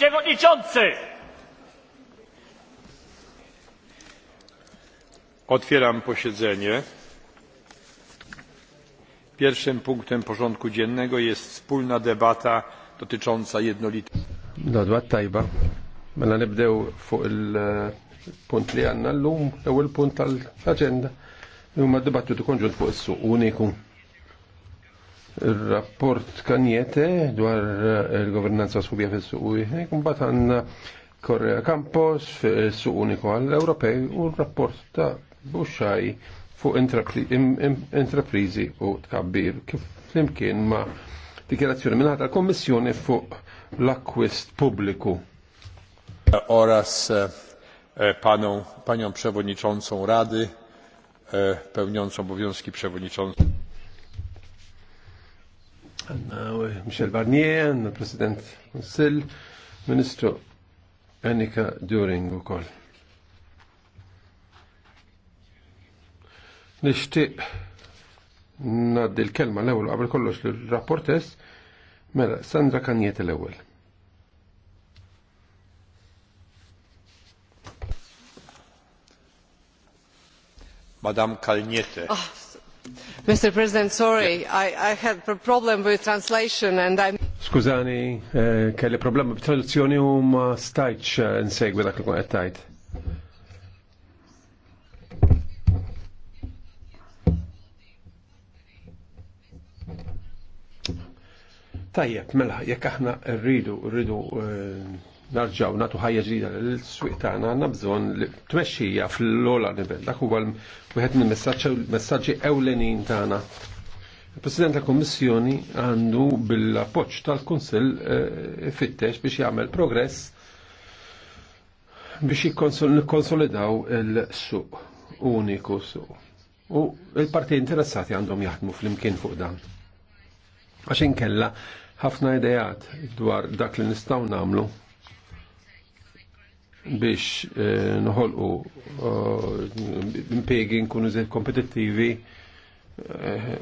przewodniczący! Otwieram posiedzenie. Pierwszym punktem porządku dziennego jest wspólna debata dotycząca jednolitej. Do dwa tajba. Mela nibdew fuq il-punt e, li għanna l-lum, l-ewel punt tal-agenda. L-lum għad-dibattu konġunt fuq il-suq uniku il-rapport kanjete dwar eh, il-governanza subja fil-suq uħek, mbat għanna Korea Campos fil-suq uniku għall-Ewropej u l-rapport ta' Buxaj fuq intraprizi u tkabbir kif flimkien ma' dikjerazzjoni minn ħata kommissjoni fuq l-akwist publiku. Oraz eh, eh, panią, panią przewodniczącą Rady, pełniącą obowiązki przewodniczącą. Għanna Michel Barnier, għanna President Sil, Ministru Annika During u koll. Nishtiq naddi l-kelma l-ewel għabel kollox l-rapportess, mela Sandra Kanjiet l-ewel. Madame Kalniete. Oh. Mr. President, sorry, I, I had a problem with translation and I'm... Skużani, eh, kelli problema b'traduzzjoni u ma stajċ eh, insegwi dak li kun qed Tajjeb, mela, jekk aħna rridu, rridu eh, narġaw natu ħajja ġdida l-swiq tagħna għandna bżonn tmexxija fl-ola nibel. Dak huwa wieħed mill-messaġġi ewlenin tagħna. Il-President tal Kommissjoni għandu bil-appoġġ tal-Kunsill eh, fittex biex jagħmel progress biex jikkonsolidaw il-suq uniku suq. U il-parti interessati għandhom jaħdmu fl-imkien fuq dan. Għaxin kella ħafna idejat dwar dak li nistaw namlu biex eh, nħolqu eh, impiegi nkunu zed kompetittivi eh,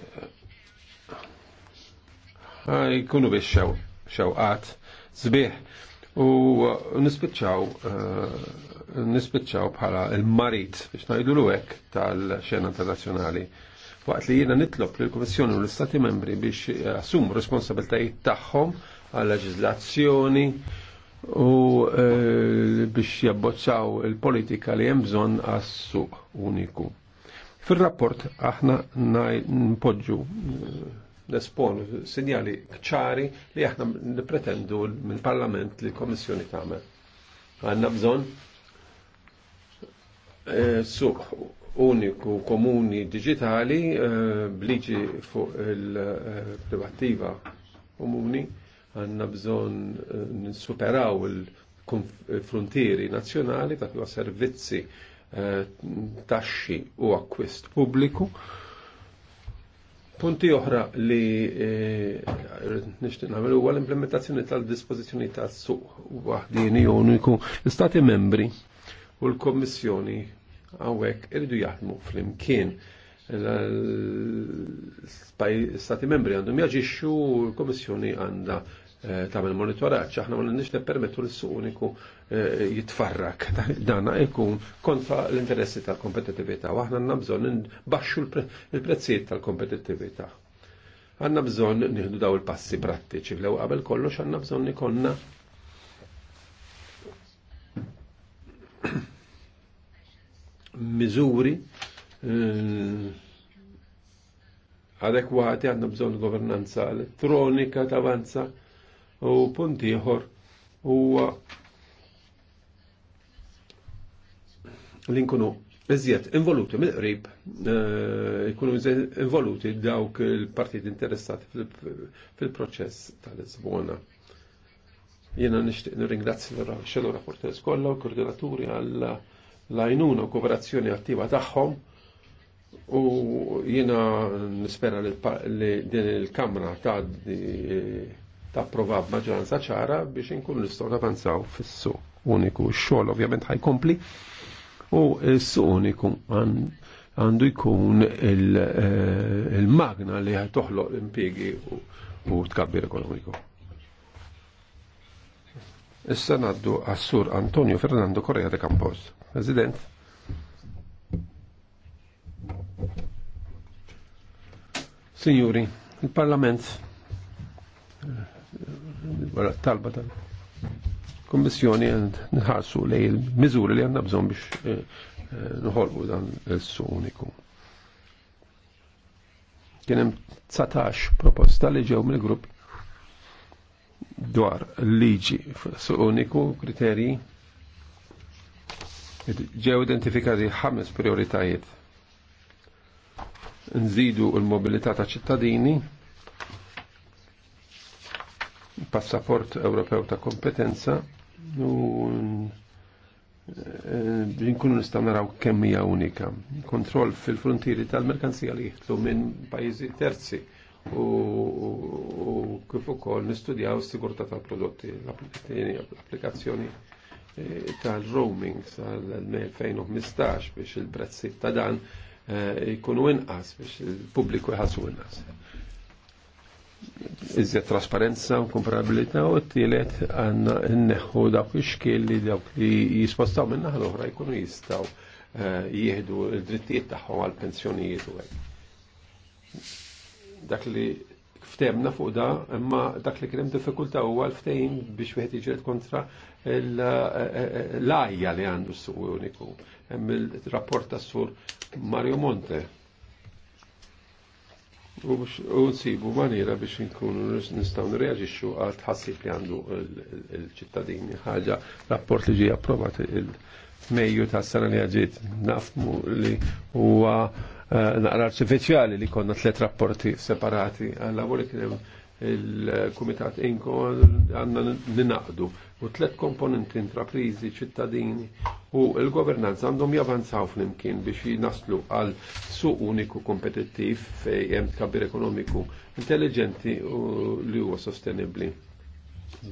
jkunu biex xewqat zbieħ u nispiċċaw nispiċċaw bħala il-marit biex najdu l-wek tal-xena internazjonali waqt li jiena nitlob lill kummissjoni u l stati membri biex assumu responsabiltajiet tagħhom għal leġiżlazzjoni u e, biex jabbozzaw il-politika li hemm bżonn għas-suq uniku. Fil-rapport aħna npoġġu e, nesponu sinjali ċari li aħna nipretendu mill-Parlament li l-Kommissjoni tagħmel. Għandna bżonn e, suq uniku komuni digitali bliġi fuq il-privattiva komuni Għanna bżon eh, nisuperaw il-frontieri nazjonali ta' servizzi eh, taxxi u akkwist pubbliku. Punti oħra li eh, nixtieq nagħmel huwa l-implementazzjoni tal-dispożizzjoni tas-suq waħdini uniku l-Stati membri u l-Kommissjoni hawnhekk irridu jaħdmu flimkien l-stati membri għandhom jaġixxu l-Komissjoni għandha eh, tagħmel monitoraġġ aħna ma nix nippermettu l suq uniku eh, jitfarrak. Dan ikun kontra l-interessi tal-kompetittività u aħna għandna bżonn baxxu l-prezzijiet tal-kompetittività. Għandna bżonn nieħdu daw il-passi prattiċi l qabel kollox għandna bżonn ikonna miżuri Eh, adekwati għandna bżonn governanza elettronika tavanza u punt ieħor huwa li nkunu iżjed involuti mill qrib jkunu eh, involuti dawk il-partit interessati fil-proċess tal-Lisbona. Jena nishtiq nirringrazzi l-xelu rapporters kollha u koordinaturi għall lajnuna u kooperazzjoni attiva tagħhom U jina nispera li din il-Kamra ta' ta' provab maġranza ċara biex inkun nistgħu navanzaw fissu uniku. Xogħol ovvjament ħajkompli u s-su uniku għandu jkun eh, il-magna li toħloq l-impiegi u tkabbir ekonomiku. Issa naddu għassur Antonio Fernando Correa de Campos. President. Signori, il-Parlament eh, talba tal-Kommissjoni nħarsu lej il-miżuri li għanna bżon biex eh, eh, nħolbu dan il-su uniku. Kienem 19 proposta li ġew mill-grupp dwar liġi su uniku kriterji ġew identifikati ħames prioritajiet nżidu l-mobilità ta' ċittadini, passaport Ewropew ta' kompetenza u eh, nkunu nistgħu naraw kemm hija unika. Kontroll fil-frontieri tal-merkanzija li jitlu minn pajjiżi terzi u kif ukoll nistudjaw s-sigurtà tal-prodotti, l-applikazzjoni eh, tal-roaming sal-2015 biex il-prezzi ta' dan jkunu eh, inqas biex il-pubbliku jħassu inqas. Iżjed trasparenza u komparabilità u t-tielet għanna n-neħu dawk ix-xkiel li dawk li jispostaw minna l-oħra jkunu jistaw eh, jieħdu l-drittijiet tagħhom għal-pensjonijiet u għek. Dak li ftemna fuq da, imma dak li kienem diffikulta huwa għal ftejn biex wieħed jiġret kontra l-ajja li għandu s-suq uniku hemm il-rapport tas-sur Mario Monte. U nsibu maniera biex nkunu nistgħu nreaġixxu għal tħassib li għandu l-ċittadini ħaġa rapport li ġie approvat il-Mejju tas-sena li għaġiet nafmu li huwa eh, naqra artifiċjali li konna tliet rapporti separati għal-lavori kien hemm il-Kumitat Inko għanna ninaqdu u tlet komponenti intraprizi, ċittadini u il-governanza għandhom javanzaw fl-imkien biex jinaslu għal suq uniku kompetittiv fej hemm tkabbir ekonomiku intelligenti u li huwa sostenibli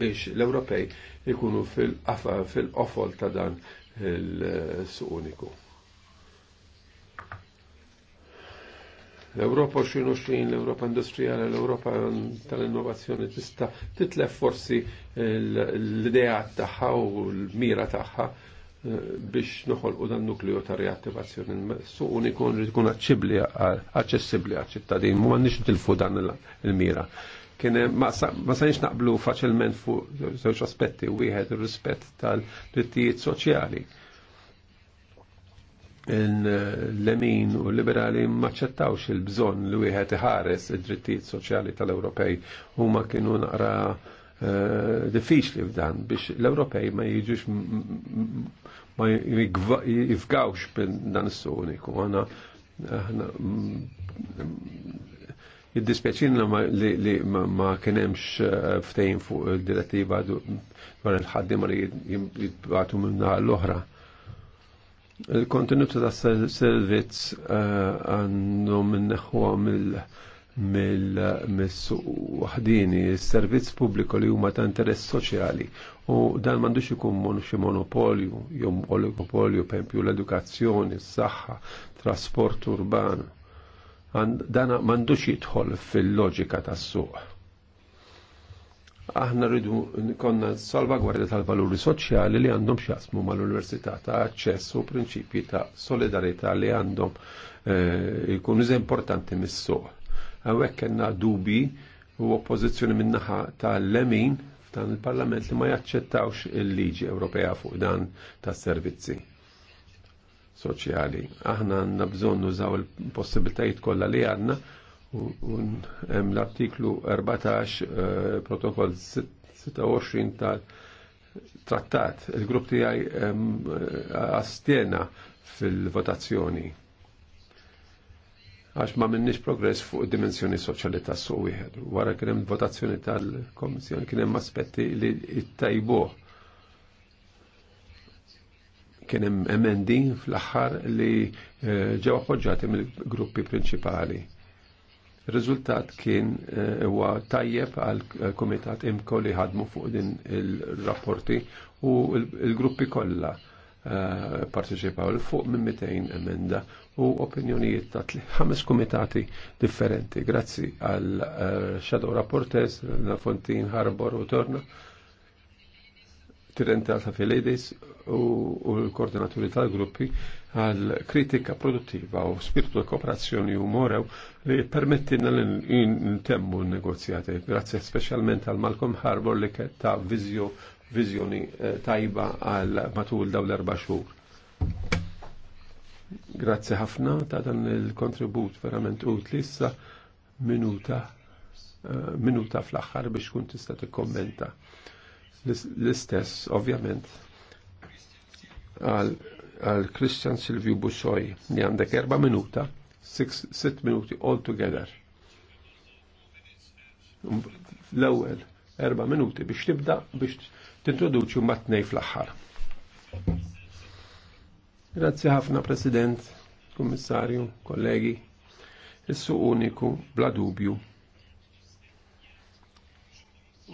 biex l-Ewropej ikunu fil-qofol ta' dan il-suq uniku. L-Europa xin, l-Europa industrijali, l-Europa tal-innovazzjoni tista' titlef forsi l idea tagħha u l-mira tagħha eh, biex noħolqu dan nukleo ta' reattivazzjoni. Suq uniku nrid tkun aċċibbli aċċessibbli għaċ-ċittadin, ma tilfu dan il-mira. Kien ma sanix naqblu faċilment fuq żewġ aspetti, wieħed ir-rispett tal-drittijiet soċjali l-lemin u liberali maċċettawx il-bżon li wieħed iħares id-drittijiet soċjali tal-Ewropej huma kienu naqra eh, diffiċli f'dan biex l-Ewropej ma jiġux ma jifgawx bin dan is-suniku. Għana id li ma kienemx eh, ftejn fuq il-direttiva dwar il-ħaddim li jibbatu minna l-oħra. Il-kontenuti ta' servizz eh, għandhom minneħwa mill messu waħdini, il-servizz pubbliku li huma ta' interess soċjali u dan m'għandux ikun xi monopolju jew oligopolju pempju l-edukazzjoni, s-saħħa, trasport urban. Dan m'għandux jidħol fil-loġika tas-suq aħna rridu konna salvagwardja tal-valuri soċjali li għandhom xjasmu mal-Università ta' aċċess u prinċipji ta' solidarietà li għandhom jkun eh, iż importanti mis soħ Hawnhekk kellna dubi u oppożizzjoni min-naħa tal-lemin f'dan il-Parlament li ma jaċċettawx il-liġi Ewropea fuq dan tas-servizzi soċjali. Aħna għandna bżonn nużaw il-possibilitajiet kollha li għandna un l-artiklu 14 eh, protokoll 26 tal trattat. Il-grupp tiegħi eh, astjena fil-votazzjoni għax ma minnix progress fuq dimensjoni soċjali tas suq wieħed. Wara kien hemm votazzjoni tal-Komissjoni kien hemm aspetti li ttajbuh. Kien hemm emendi fl-aħħar li eh, ġew poġġati mill-gruppi prinċipali Rizultat kien eh, huwa tajjeb għal eh, komitat imko li ħadmu fuq din il-rapporti u il-gruppi kollha eh, parteċipaw l fuq minn 200 emenda u opinjonijiet ta' ħames komitati differenti. Grazzi għal Shadow Rapporters, Fontin, Harbor u Torna Tirenta Safilidis u l-koordinaturi tal-gruppi għal kritika produttiva u spiritu ta' kooperazzjoni u morew li permettina n-temmu negozjati. Grazie specialment għal Malcolm Harbour li ta' vizjoni eh, tajba għal matul daw l-erba xhur. Grazie ħafna ta' dan il-kontribut verament utli issa minuta eh, minuta fl-axħar biex kun tista' tikkommenta. L-istess, ovvjament, għal Christian Silvio Bussoj li għandek erba' minuta, 6 minuti all together. L-ewwel erba' minuti biex tibda biex tintroduċu matnej fl-aħħar. Grazzi ħafna President, Kommissarju, kollegi. il suq uniku bla dubju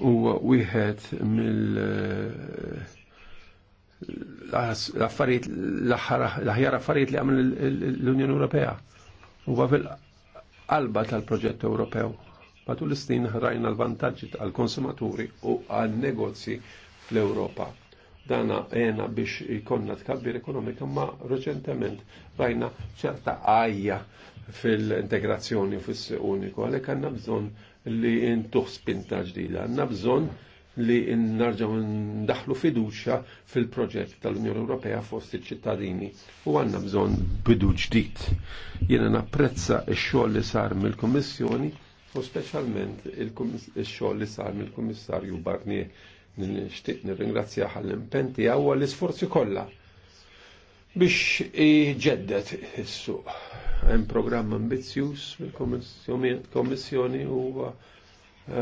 huwa wieħed mill eh, l-affarijiet l-aħjar affarijiet li għamil l-Unjoni Ewropea. Huwa fil-qalba tal-proġett Ewropew. Matul l-istin rajna l-vantaġġi tal konsumaturi u għal-negozji fl-Ewropa. Dana għena biex ikonna tkabbir ekonomika ma reċentement rajna ċerta għajja fil-integrazzjoni fis uniku għalhekk għanna bżonn li intuħ spinta ġdida. Għanna bżon li narġaw ndaħlu fiduċa fil-proġett tal-Unjoni Ewropea fost il ċittadini u għanna bżon bidu ġdid. Jena napprezza x-xogħol li sar mill-Kummissjoni u speċjalment il-xogħol li sar mill-Kummissarju Barnier nil-nixtieq nirringrazzja għall impenti għaw l-isforzi kollha biex iġeddet is-suq. Hemm programm bil mill-Kommissjoni huwa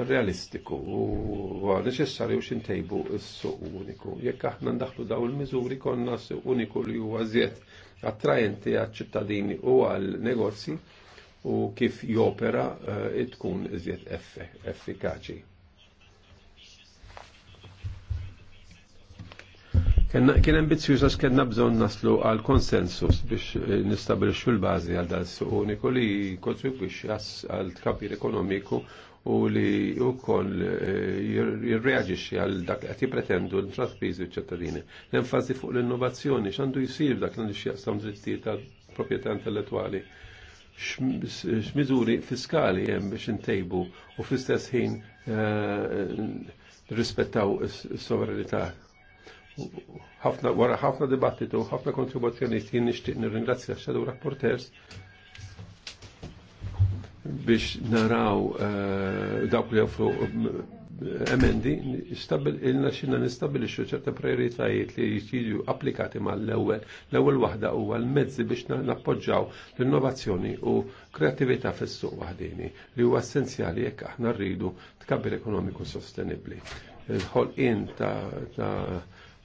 realistiku u neċessarju xintejbu s-suq uniku. Jekk aħna ndaħlu daw il-miżuri konna s-suq uniku li huwa żjed attrajenti għal ċittadini u għal negozji u kif jopera eh, tkun iżjed effikaċi. Kien ambizjuż għax kellna bżonn naslu għal konsensus biex eh, nistabilixxu l-bażi għal dan suq uniku li kontribwixxi għal tkabbir ekonomiku u li wkoll eh, jirreaġixxi għal dak qed jippretendu l-intraspiżi ċ-ċittadini. L-enfasi fuq l-innovazzjoni x'għandu jsir dak li x'jaqsam drittijiet tal-proprjetà intellettwali x'miżuri fiskali hemm biex intejbu u fl-istess ħin eh, rispettaw is-sovranità ħafna wara ħafna dibattitu, ħafna kontribuzzjonisti jien nixtieq nirringrazzja x-shadow rapporters biex naraw eh, dawk li joffru eh, emendi, na xinna nistabilixu ċerta prioritajiet li jiġu applikati mal l-ewel. L-ewel wahda u għal-mezzi biex nappoġġaw l-innovazzjoni u kreativita fis-suq wahdini li huwa essenzjali jekk aħna rridu tkabbir ekonomiku sostenibli. Il-ħolqien ta'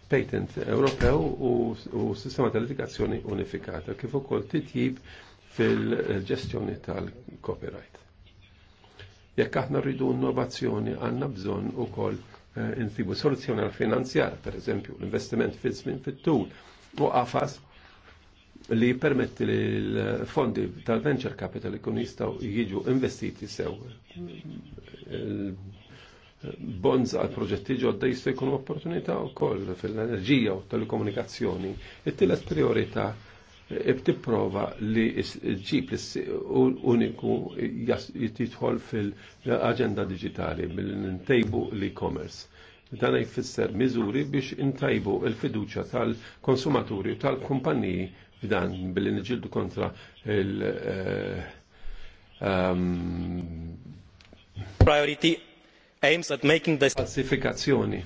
patent Ewropew u sistema tal-litigazzjoni unifikata kif ukoll titjib fil-ġestjoni tal-copyright. Jekk aħna rridu innovazzjoni għandna bżonn ukoll eh, insibu soluzzjoni għal finanzjar, per eżempju, l-investiment fi żmien fit-tul u qafas li permetti li l-fondi tal-venture capital ikun jistaw jiġu investiti sew bonds għal proġetti ġodda jistu jkunu opportunità wkoll fil-enerġija u telekomunikazzjoni. It-tielet priorità eh, tipprova li ġib uniku jitħol fil-agenda digitali bil ntejbu l l-e-commerce. Dan jfisser miżuri biex intajbu il-fiduċa tal-konsumaturi u tal-kumpaniji f'dan billi nġildu kontra il- eh, ehm, Priority aims at making the Falsifikazzjoni.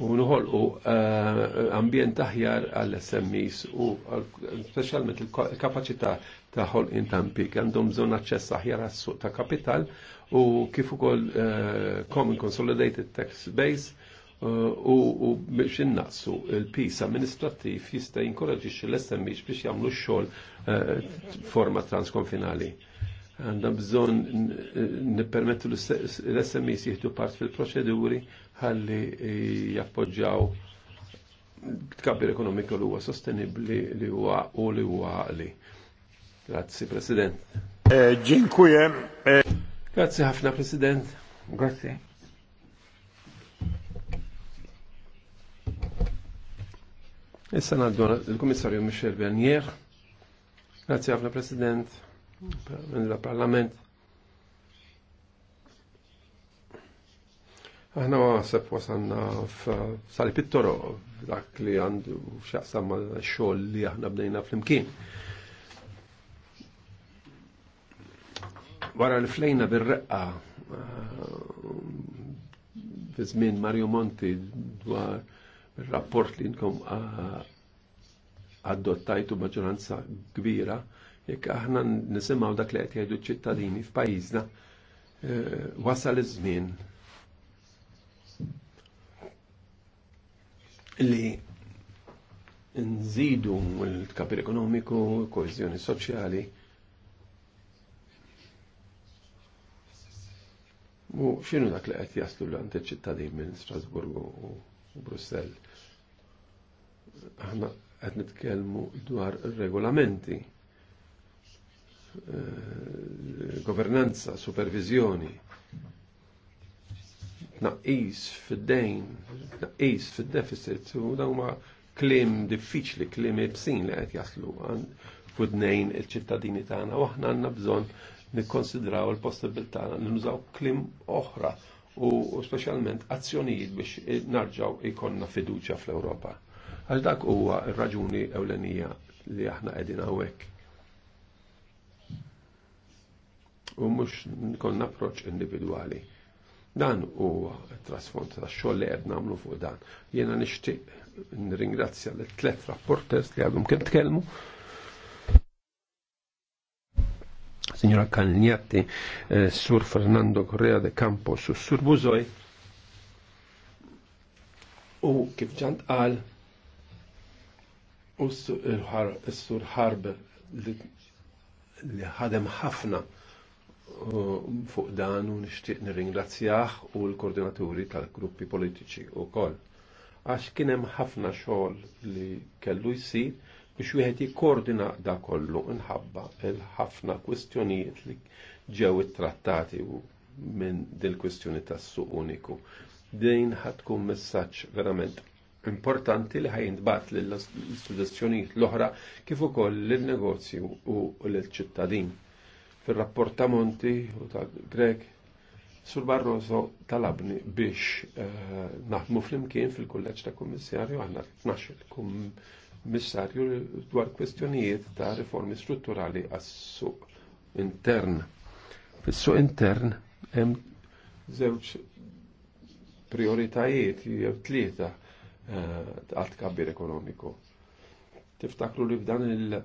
U nħolqu eh, ambjent aħjar għall smis u specialment il-kapacità ta' hol ta' impik għandhom bżonn aċċess aħjar għas-suq ta' kapital u kif ukoll eh, common consolidated tax base eh, u biex innaqsu il-pis amministrattiv jista' jinkoraġixxi l smis biex jagħmlu x-xogħol forma transkonfinali għandna bżon nippermettu l-SMEs jihdu part fil-proċeduri ħalli eh, jappoġġaw tkabbir ekonomiku li huwa sostenibli li huwa u li huwa għali. Grazzi, President. Ġinkuje. Eh, eh, Grazzi ħafna, President. Grazzi. Issa naddu il-Komissarju Michel Bernier. Grazzi ħafna, President mill-Parlament. Aħna ma sepp wasanna sali pittoro dak li għandu x'aqsam ma' xoll li aħna bdejna imkien Wara li flejna bil reqqa bizmin uh, Mario Monti dwar il rapport li nkom għaddottajtu uh, maġoranza kbira, jekk aħna nisimgħu dak li qed jgħidu ċittadini f'pajjiżna eh, wasal iż-żmien li nżidu l-kapir ekonomiku, koeżjoni soċjali. U x'inhu dak li qed jaslu l-għand iċ-ċittadin minn Strasburgu u Brussell? Aħna qed nitkellmu dwar ir-regolamenti Eh, governanza, supervizjoni, naqis fid-dejn, naqis fid-deficit, u dawma klim diffiċli, klim ibsin li għet jaslu għan fudnejn il-ċittadini tagħna u aħna għandna bżonn nikkonsidraw il-possibilità li nużaw klim oħra u speċjalment azzjonijiet biex narġaw ikonna fiduċja fl-Ewropa. Għax dak huwa r-raġuni ewlenija li aħna qegħdin hawnhekk. u mhux nkun naproċ individuali. Dan huwa trasfond ta' xogħol li qed nagħmlu fuq dan. Jiena nixtieq nringrazzja l tlet rapporters li għadhom kien kelmu. Signora Cagnatti, eh, Sur Fernando Correa de Campos u Sur Buzoi. U kif ġant għal u Sur Harb li ħadem ħafna fuq dan u nixtieq nirringrazzjah u l-koordinaturi tal-gruppi politiċi wkoll. Għax kien hemm ħafna xogħol li kellu jsir biex wieħed jikkoordina da kollu nħabba il-ħafna kwistjonijiet li ġew ittrattati minn dil-kwistjoni tas-suq uniku. Din ħatkun messaġġ verament importanti li ħajintbat lill istudazzjonijiet l-oħra kif ukoll lin negozju u lill ċittadin fil-rapport ta' Monti u ta' Greg Sur Barroso talabni biex eh, naħmu fl-imkien fil-kulleġġ ta' Kommissarju għanna 12 kummissarju dwar kwestjonijiet ta' riformi strutturali għas-suq intern. Fis-suq intern hemm żewġ prioritajiet jew tlieta eh, għal tkabbir ekonomiku. Tiftakru li f'dan il-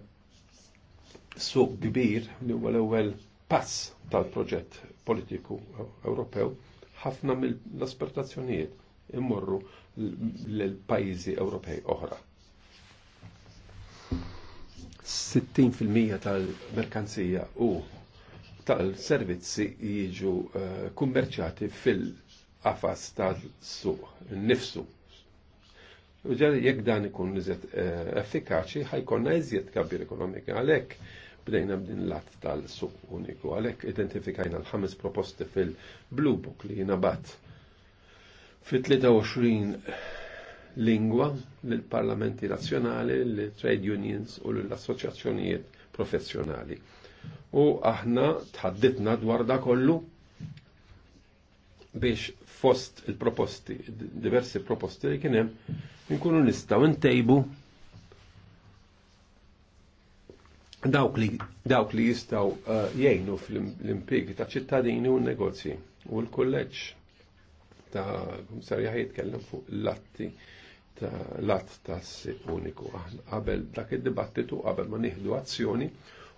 suq kbir li huwa l-ewwel pass tal-proġett politiku Ewropew, ħafna mill-asportazzjonijiet immorru l-pajjiżi Ewropej oħra. 60% tal-merkanzija u tal-servizzi jiġu eh, kummerċati fil-qafas tal-suq nifsu. Ġar jekk dan ikun iżjed eh, effikaċi, ħajkonna iżjed kabir ekonomika. Għalhekk bdejna b'din l-att tal-suq uniku, għalhekk identifikajna l-ħames proposti fil-Blue Book li nabat fit-23 lingwa l-parlamenti nazzjonali, l-trade unions u l-assoċjazzjonijiet professjonali. U aħna tħadditna dwar da kollu biex fost il-proposti, diversi proposti li kienem, nkunu nistaw ntejbu dawk li dawk li jistgħu eh, jgħinu fl-impjegi ta' ċittadini u n-negozji u l-kulleġġ ta' kumissarja jitkellem fuq l-latti ta' latt ta' uniku qabel dak id-dibattitu qabel ma nieħdu azzjoni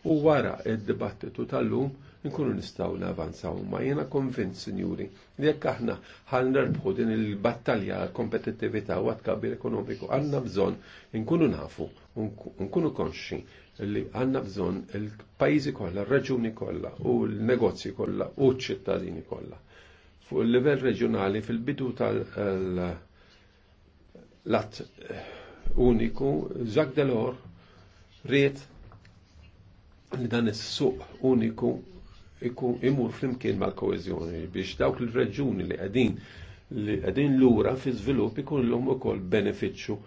u wara id-dibattitu tal-lum nkunu nistgħu navanzaw ma jiena konvinz, sinjuri li jekk aħna ħal nerbħu din il-battalja kompetittività u għatkabbir ekonomiku għandna bżonn nkunu nafu nkunu konxi li għanna bżon il-pajizi kolla, il-reġuni kolla, u l-negozji kolla, u ċittadini kolla. Fuq il-level reġjonali fil-bidu tal-lat eh, eh, uniku, Jacques Delors riet li dan is-suq uniku ikun imur flimkien mal-koezjoni biex dawk il-reġuni li qegħdin li qegħdin lura fi żvilupp ikun l-hom ukoll benefiċċju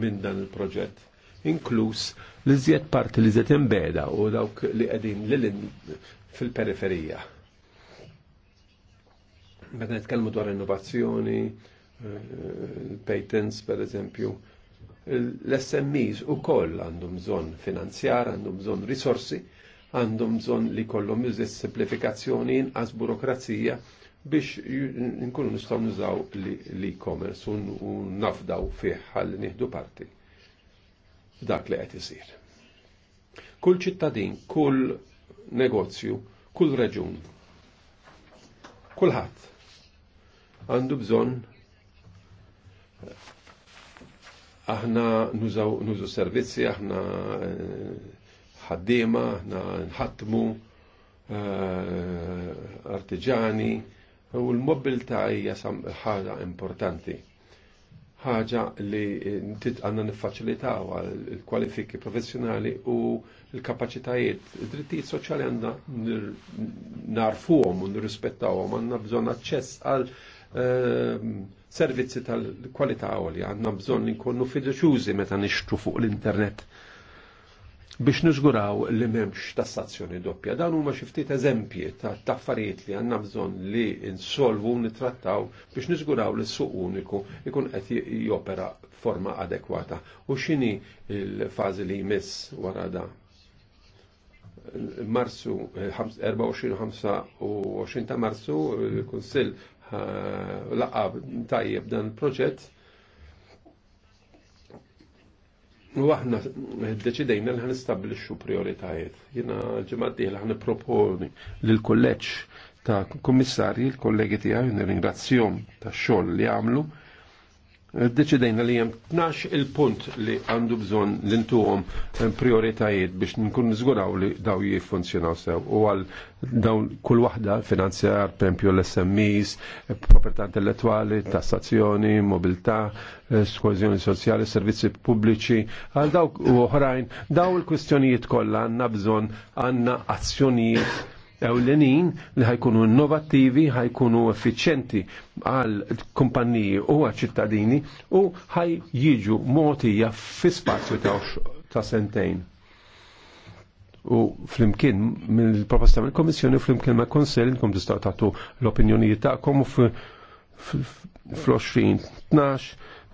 minn dan il-proġett inkluż li żjed parti li żjed imbeda u dawk li qegħdin lil fil-periferija. Meta nitkellmu dwar innovazzjoni, eh, patents per eżempju, l-SMEs u koll għandhom bżonn finanzjar, għandhom bżonn risorsi, għandhom bżonn li kollhom jużess simplifikazzjoni inqas burokrazija biex nkunu nistgħu nużaw l-e-commerce u nafdaw fih ħalli nieħdu parti f'dak li qed isir. Kull ċittadin, kull negozju, kull reġun, kulħadd għandu bżonn eh, aħna nużaw nużu servizzi, aħna eh, ħaddiema, aħna nħatmu eh, artiġani u l-mobilità hija ħaġa importanti ħaġa li ntit għanna nifaċilitaw il-kwalifiki professjonali u l-kapacitajiet. Id-drittijiet soċjali għanna narfuhom u nirrispettawhom, għanna bżonn aċċess għal ehm, servizzi tal-kwalità għolja, għanna bżonn nkunu fiduċjużi meta nixtru fuq l-internet biex niżguraw li m'hemmx tassazzjoni doppja. Dan huma xi ftit eżempji ta' affarijiet li għandna bżonn li insolvu nitrattaw biex niżguraw li s-suq uniku ikun qed jopera forma adekwata. U x'inhi l-fażi li jmiss wara da? Marsu 24 eh, u 25 ta' Marsu il-Kunsill laqab tajjeb dan il-proġett U aħna deċidejna li ħanistabbilixxu prioritajiet. Jiena ġimgħaddi li ħniproponi l kolleġġ ta' kummissarji, l-kollegi tiegħi ringrazzjom tax-xogħol li għamlu Deċidejna li jem 12 il-punt li għandu bżon l-intuħom eh, prioritajiet biex nkun nizguraw li daw jifunzjonaw sew u għal daw kull wahda finanzjar, pempju l-SMEs, eh, proprietà intellettuali, tassazzjoni, mobilità, eh, skożjoni soċjali, servizzi pubbliċi, għal daw u oħrajn, daw il-kwistjonijiet kollha għandna bżon għandna azzjonijiet ewlenin li ħajkunu innovattivi, ħajkunu effiċenti għal kumpanniji u għal ċittadini u ħaj jiġu motija fi spazju ta' sentejn. U flimkien mill-proposta mill-Komissjoni u flimkien ma' konsell kom tistgħu tagħtu l-opinjonijiet tagħkom u fl-20 12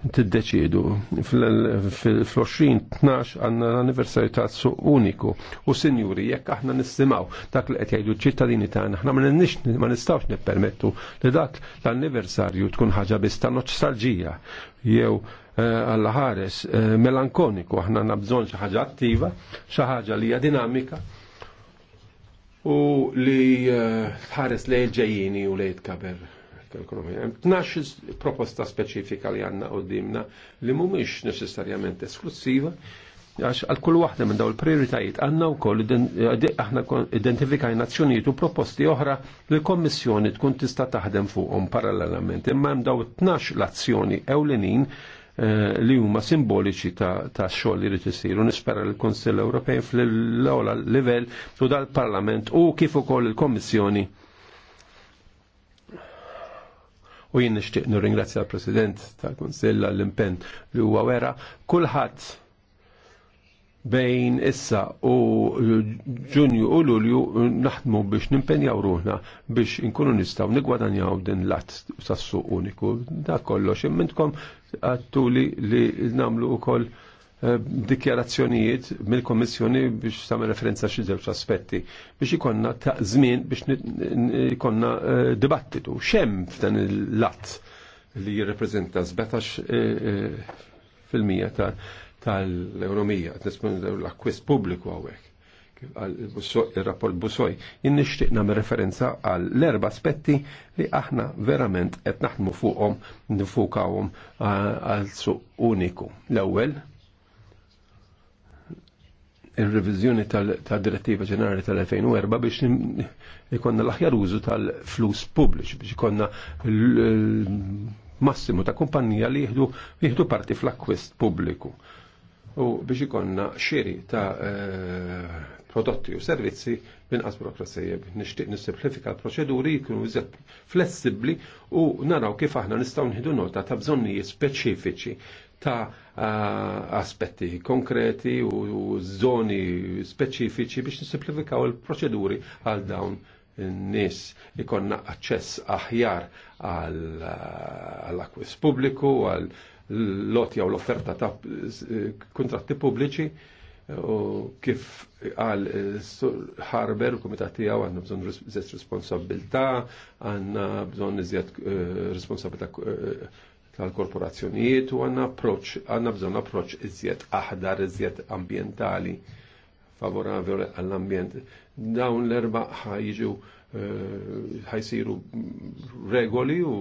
deċidu fl Fl-20-12 għanna l-anniversarju ta' su uniku u sinjuri jekk aħna nistimaw dak li qed jgħidu ċittadini tagħna aħna ma nistgħux nippermettu li dak l-anniversarju tkun ħaġa biss ta' nostalġija jew eh, għalla ħares eh, melankoniku aħna nabżon bżonn xi ħaġa attiva, xi ħaġa li hija dinamika u li eh, ħares lejl ġejjini u lejt kaber tal-ekonomija. Hemm tnax proposta speċifika li għandna qudiemna li mhumiex neċessarjament esklusiva, għax għal kull waħda minn daw il-prioritajiet għandna wkoll aħna identifikajna azzjonijiet u proposti oħra li l-Kommissjoni tkun tista' taħdem fuqhom parallelament. Imma hemm daw tnax l-azzjoni ewlenin eh, li huma simboliċi ta' xogħol li rid isiru. Nispera l konsill Ewropej fl ewwel livell u dal-Parlament u kif ukoll il-Kommissjoni u jien nixtieq nirringrazzja l-President tal-Kunsill għall-impenn li huwa wera kulħadd bejn issa u ġunju u lulju naħdmu biex nimpenjaw ruħna biex inkunu nistaw nigwadanjaw din lat sassu uniku. Da kollox, immentkom għattuli li namlu u koll Eh, dikjarazzjonijiet mill-Komissjoni biex tagħmel referenza xi żewġ aspetti biex ikonna ta' żmien biex ikonna eh, dibattitu xem f'dan il-lat li jirrepreżenta 17 eh, fil-mija tal-Ewromija, l-akkwist pubbliku għawek il-rapport Busoj, jinnishtiq namel referenza għal l-erba aspetti li aħna verament qed naħdmu fuqhom nifukawhom għal suq uniku. L-ewwel il-revizjoni tal-direttiva ġenerali tal-2004 biex ikonna l-aħjar użu tal-flus publiċ biex ikonna l-massimu ta' kumpanija li jihdu parti fl-akwist pubbliku. U biex ikonna xiri ta' eh, prodotti u servizzi binqas burokrazija. Nixtieq nissimplifika l-proċeduri jkunu iżjed flessibbli u naraw kif aħna nistgħu nħidu nota ta' bżonnijiet speċifiċi ta' aspetti konkreti u zoni speċifiċi biex nisimplifikaw il-proċeduri għal dawn n li konna aċċess aħjar għall-akwis publiku, għal lotja u l-offerta ta' kontratti pubbliċi u kif għal Harber u komitati għaw għanna bżon zet responsabilta, għanna bżon iżjed eh, responsabilta eh, tal-korporazzjonijiet u għanna approċ, għanna bżon approċ iżjed aħdar, iżjed ambientali, favorabli għall-ambjent. Dawn l-erba ħajġu eh, ħajsiru regoli u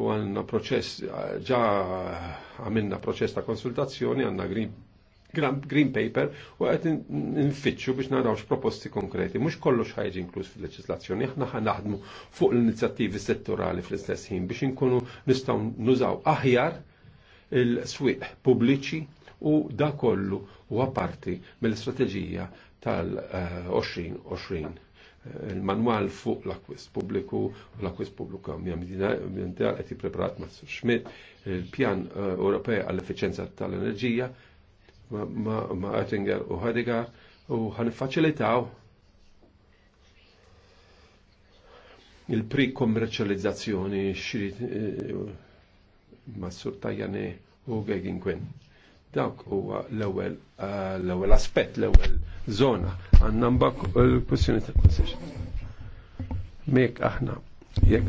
u għanna proċess, ġa għamilna proċess ta' konsultazzjoni, għanna green Green Paper u għet nfittxu biex narawx proposti konkreti. Mux kollox ħajġi inkluż fil-leġislazzjoni, aħna ħan naħdmu fuq l-inizjattivi settorali fl-istess ħin biex inkunu nistaw nużaw aħjar il-swieq pubbliċi u da kollu u għaparti mill istrateġija tal-2020 il-manual fuq l-akwist publiku u l-akwist publiku għamjam qed jippreparat ma' Schmidt il-pjan eh, Ewropej għall-efficienza tal-enerġija ma' Oettinger u Heidegger u għan ħanfaċilitaw il-pre-kommerċializzazzjoni xirit eh, ma' surtajjani u għegin kwen. Dawk u l ewel eh, l-ewwel aspett, l ewel zona. Għandna mbagħad il-kwestjoni ta' Mek aħna Jek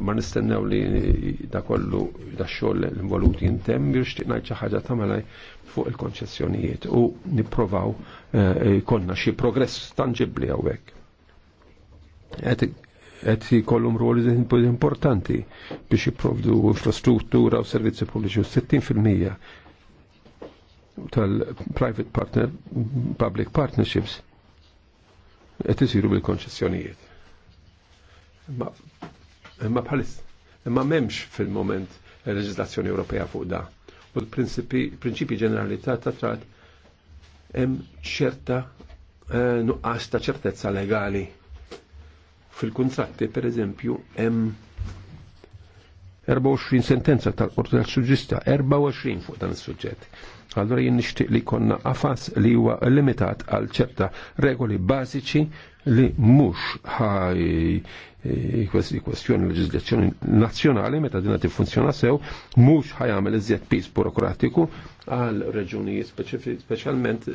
ma nistennew li da kollu da l involuti jintem biex tiqnajt xi ħaġa tagħmelaj fuq il-konċessjonijiet u nipprovaw jkollna eh, xi progress tanġibbli hawnhekk. Qed jkollhom roli importanti biex jipprovdu infrastruttura u servizzi pubbliċi u 60 tal-private partner, public partnerships, qed isiru bil-konċessjonijiet Imma bħalis, ma memx fil-moment il-leġislazzjoni Ewropea fuq da. U l-prinċipi ġenerali ta' tat-trat hemm ċerta eh, nuqqas ta' ċertezza legali. Fil-kontratti, per eżempju, hemm 24 sentenza tal-Qorti tal-Suġġista, 24 fuq dan is-suġġett. Allora jien nixtieq li konna qafas li huwa limitat għal ċerta regoli bażiċi li mhux kwestjoni eh, leġislazzjoni nazzjonali meta dinha tiffunzjona sew mhux ħajamel iżjed piż burokratiku għal reġunijiet speċjalment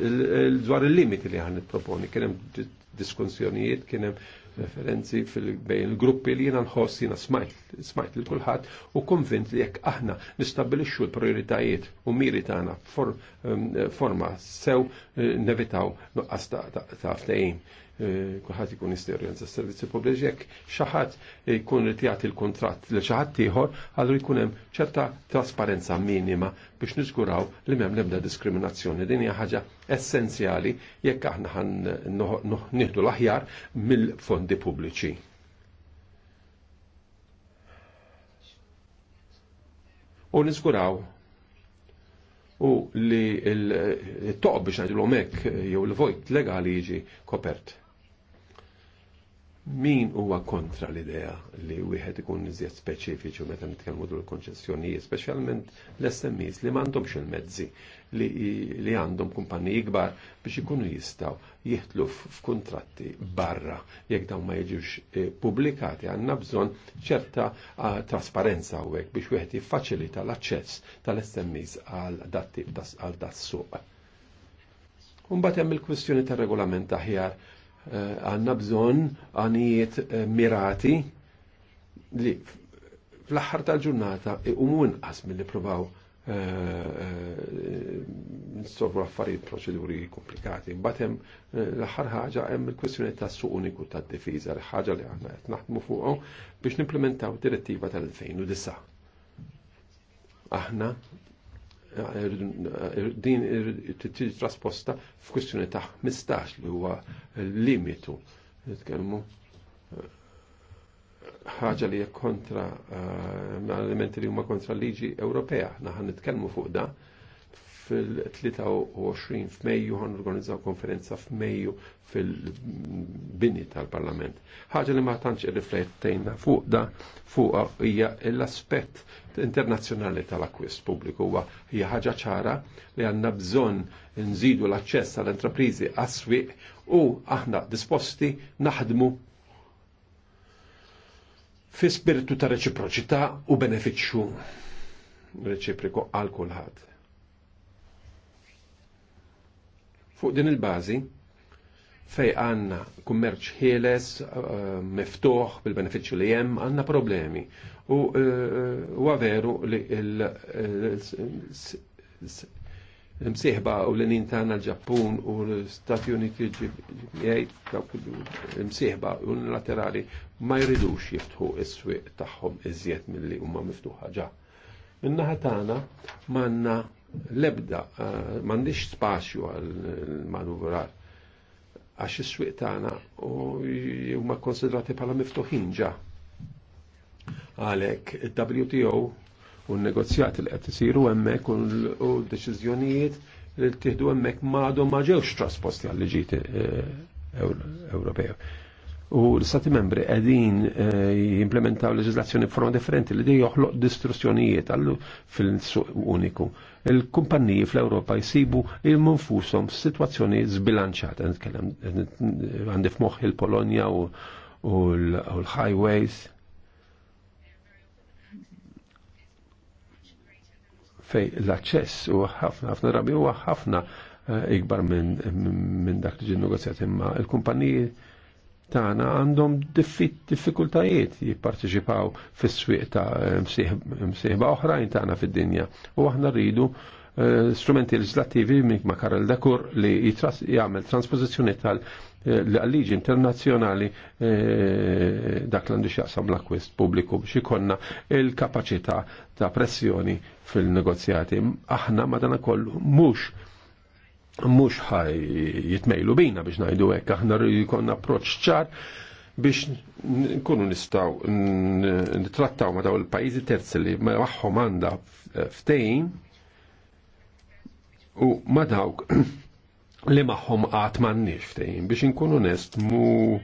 dwar il-limiti li ħan proponi kien hemm diskussjonijiet kien hemm referenzi fil-bejn il-gruppi li jena nħoss jena smajt li kulħadd u konvint li jekk aħna nistabilixxu l-prioritajiet u miri tagħna ehm, forma sew eh, nevitaw nuqqas ta' ftehim. Eh, kulħadd ikun jisterjenza servizzi pubbliċi jekk xaħat jkun li jagħti l-kuntratt li xaħat ieħor għallu jkun hemm ċerta trasparenza minima biex niżguraw li m'hemm l-ebda diskriminazzjoni. Din hija ħaġa essenzjali jekk aħna ħan nieħdu l-aħjar mill-fondi pubbliċi. U niżguraw u li il-toq biex għajdu l jew l-vojt legali jiġi kopert. Min huwa kontra l-idea li wieħed ikun iżjed speċifiċi meta nitkellmu dwar il-konċessjonijiet, speċjalment l-SMEs li m'għandhomx il-mezzi li, għandhom kumpaniji kbar biex ikunu jistgħu jieħdlu f'kuntratti barra jekk dawn ma jiġux eh, pubblikati għandna bżonn ċerta ah, trasparenza hawnhekk biex wieħed jiffaċilita l-aċċess tal-SMEs għal dat-tip għal dat-suq. Umbat hemm il-kwistjoni tar-regolament aħjar Eh, għanna bżon għanijiet eh, mirati li fl-axħar tal-ġurnata umun għasmi li provaw eh, nsolvu affarijiet proċeduri komplikati. Batem l-aħħar ħaġa hemm il-kwestjoni tas-suq uniku tad difiza l-ħaġa li aħna għet naħdmu fuqo biex nimplementaw direttiva tal-2009. Aħna din tiġi trasposta f'kwistjoni ta' 15 li huwa limitu. Nitkellmu eh, ħaġa li kontra eh, elementi li huma kontra liġi Ewropea. Naħan nitkellmu fuq da fil-23 f'Mejju għan organizzaw konferenza f'Mejju fil-bini tal-Parlament. Ħaġa li ma tantx irriflettejna fuq da fuq hija l-aspett internazzjonali tal-akwist pubbliku huwa hija ħaġa ċara li għandna bżonn nżidu l-aċċess għall entrapriżi għas-swieq u aħna disposti naħdmu fi spiritu ta' reċiproċità u benefiċċju reċipriku għal kulħadd. Fuq din il-bażi fej għanna kummerċ ħieles, eh, miftuħ bil-beneficju li jem, għanna problemi. U għaveru eh, li l-msieħba u l-nin tagħna l-Ġappun u l-Stati Uniti l l unilaterali ma jridux jiftħu is-swieq tagħhom iżjed milli huma miftuħa ġa. Minnaħa tagħna manna lebda eh, m'għandix spazju għal manuvrar għax is-swieq tagħna huma konsidrati bħala miftuħin ġa. Għalhekk il-WTO u n-negozjat li qed isiru hemmhekk u d-deċiżjonijiet li ttieħdu hemmhekk m'għadhom ma ġewx trasposti għal liġijiet eh, Ewropew u l-Stati membri għedin eh, jimplementaw leġislazzjoni forma differenti li dej joħloq distruzzjonijiet għallu fil-suq uniku. Il-kumpanniji fl-Europa jisibu il munfusom situazzjoni zbilanċata, għandif moħ il-Polonja u l-highways. Fej l-access u ħafna, ħafna rabi u ħafna eh, ikbar minn dak li ġin negozjati imma il-kumpanniji tagħna għandhom diffikultajiet jipparteċipaw fis-swieq ta' msieħba oħrajn tagħna fid-dinja. U aħna rridu eh, strumenti leġislattivi minn ma' Karel Dakur li jagħmel transpożizzjoni tal-liġi eh, internazzjonali eh, dak l għandu jaqsam l-akwist pubbliku biex ikonna il kapacita ta' pressjoni fil-negozjati. Aħna kollu mhux mhux ħaj jitmejlu bina biex ngħidu hekk aħna jkun approċċ ċar biex nkunu nistaw nitrattaw ma daw il-pajizi terzi li maħħom għanda ftejn u ma dawk li maħħom għat mannix ftejn biex nkunu nest mu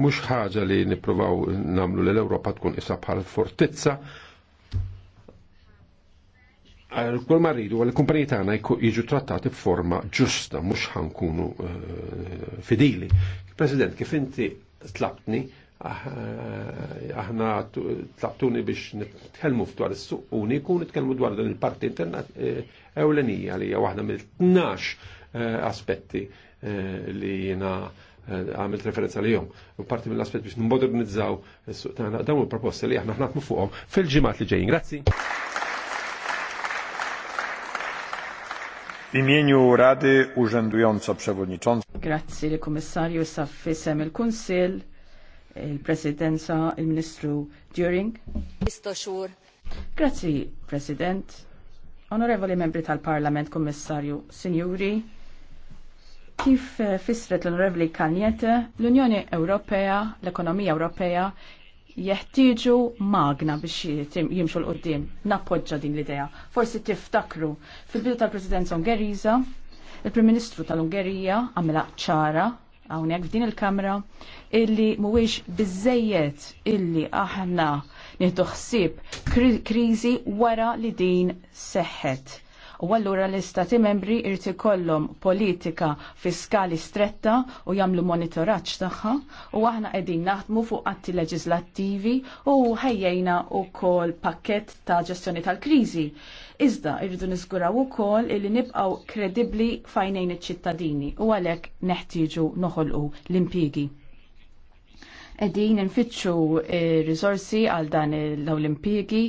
mux ħaġa li niprovaw namlu l-Europa tkun isa bħal fortizza kull marridu għal kumpaniji tagħna jiġu trattati b'forma ġusta mhux ħankunu eh, fidili. President, kif inti tlabtni ah, eh, aħna tlabtuni biex nitkellmu f'dwar is-suq uniku nitkellmu dwar dan il-parti eh, ewlenija li hija waħda mill-12 aspetti li jiena għamilt referenza li jom. U parti mill-aspet biex n-modernizzaw, dawn il-proposta li aħna ħnatmu fuqom fil-ġimat li ġejjin. Grazzi. W imieniu Rady Urzędująca Przewodnicząca. Grazzi li Saffi saffisem il-Kunsil, il-Presidenza, il-Ministru During. Grazzi, President. Onorevoli membri tal-Parlament, Kommissarju, Signuri, kif eh, fisret l-Onorevoli Kalniete, l-Unjoni Ewropea, l-Ekonomija Ewropea jeħtieġu magna biex jimxu l-qoddim. Nappoġġa din l-idea. Forsi tiftakru fil-bidu tal-Presidenza Ungeriża, il-Prim Ministru tal-Ungerija għamela ċara hawnhekk f'din il-Kamra illi mhuwiex biżejjed illi aħna nieħdu ħsieb kriżi wara li din seħħet u allura l-istati membri irti ikollhom politika fiskali stretta u jagħmlu monitoraċ tagħha u aħna qegħdin naħdmu fuq atti leġislattivi u u wkoll pakkett ta' ġestjoni tal-kriżi. Iżda irridu niżguraw ukoll illi nibqgħu kredibbli fajnejn iċ-ċittadini u għalhekk neħtieġu noħolqu l impjiegi Edin nfittxu risorsi għal dan l-Olimpijgi,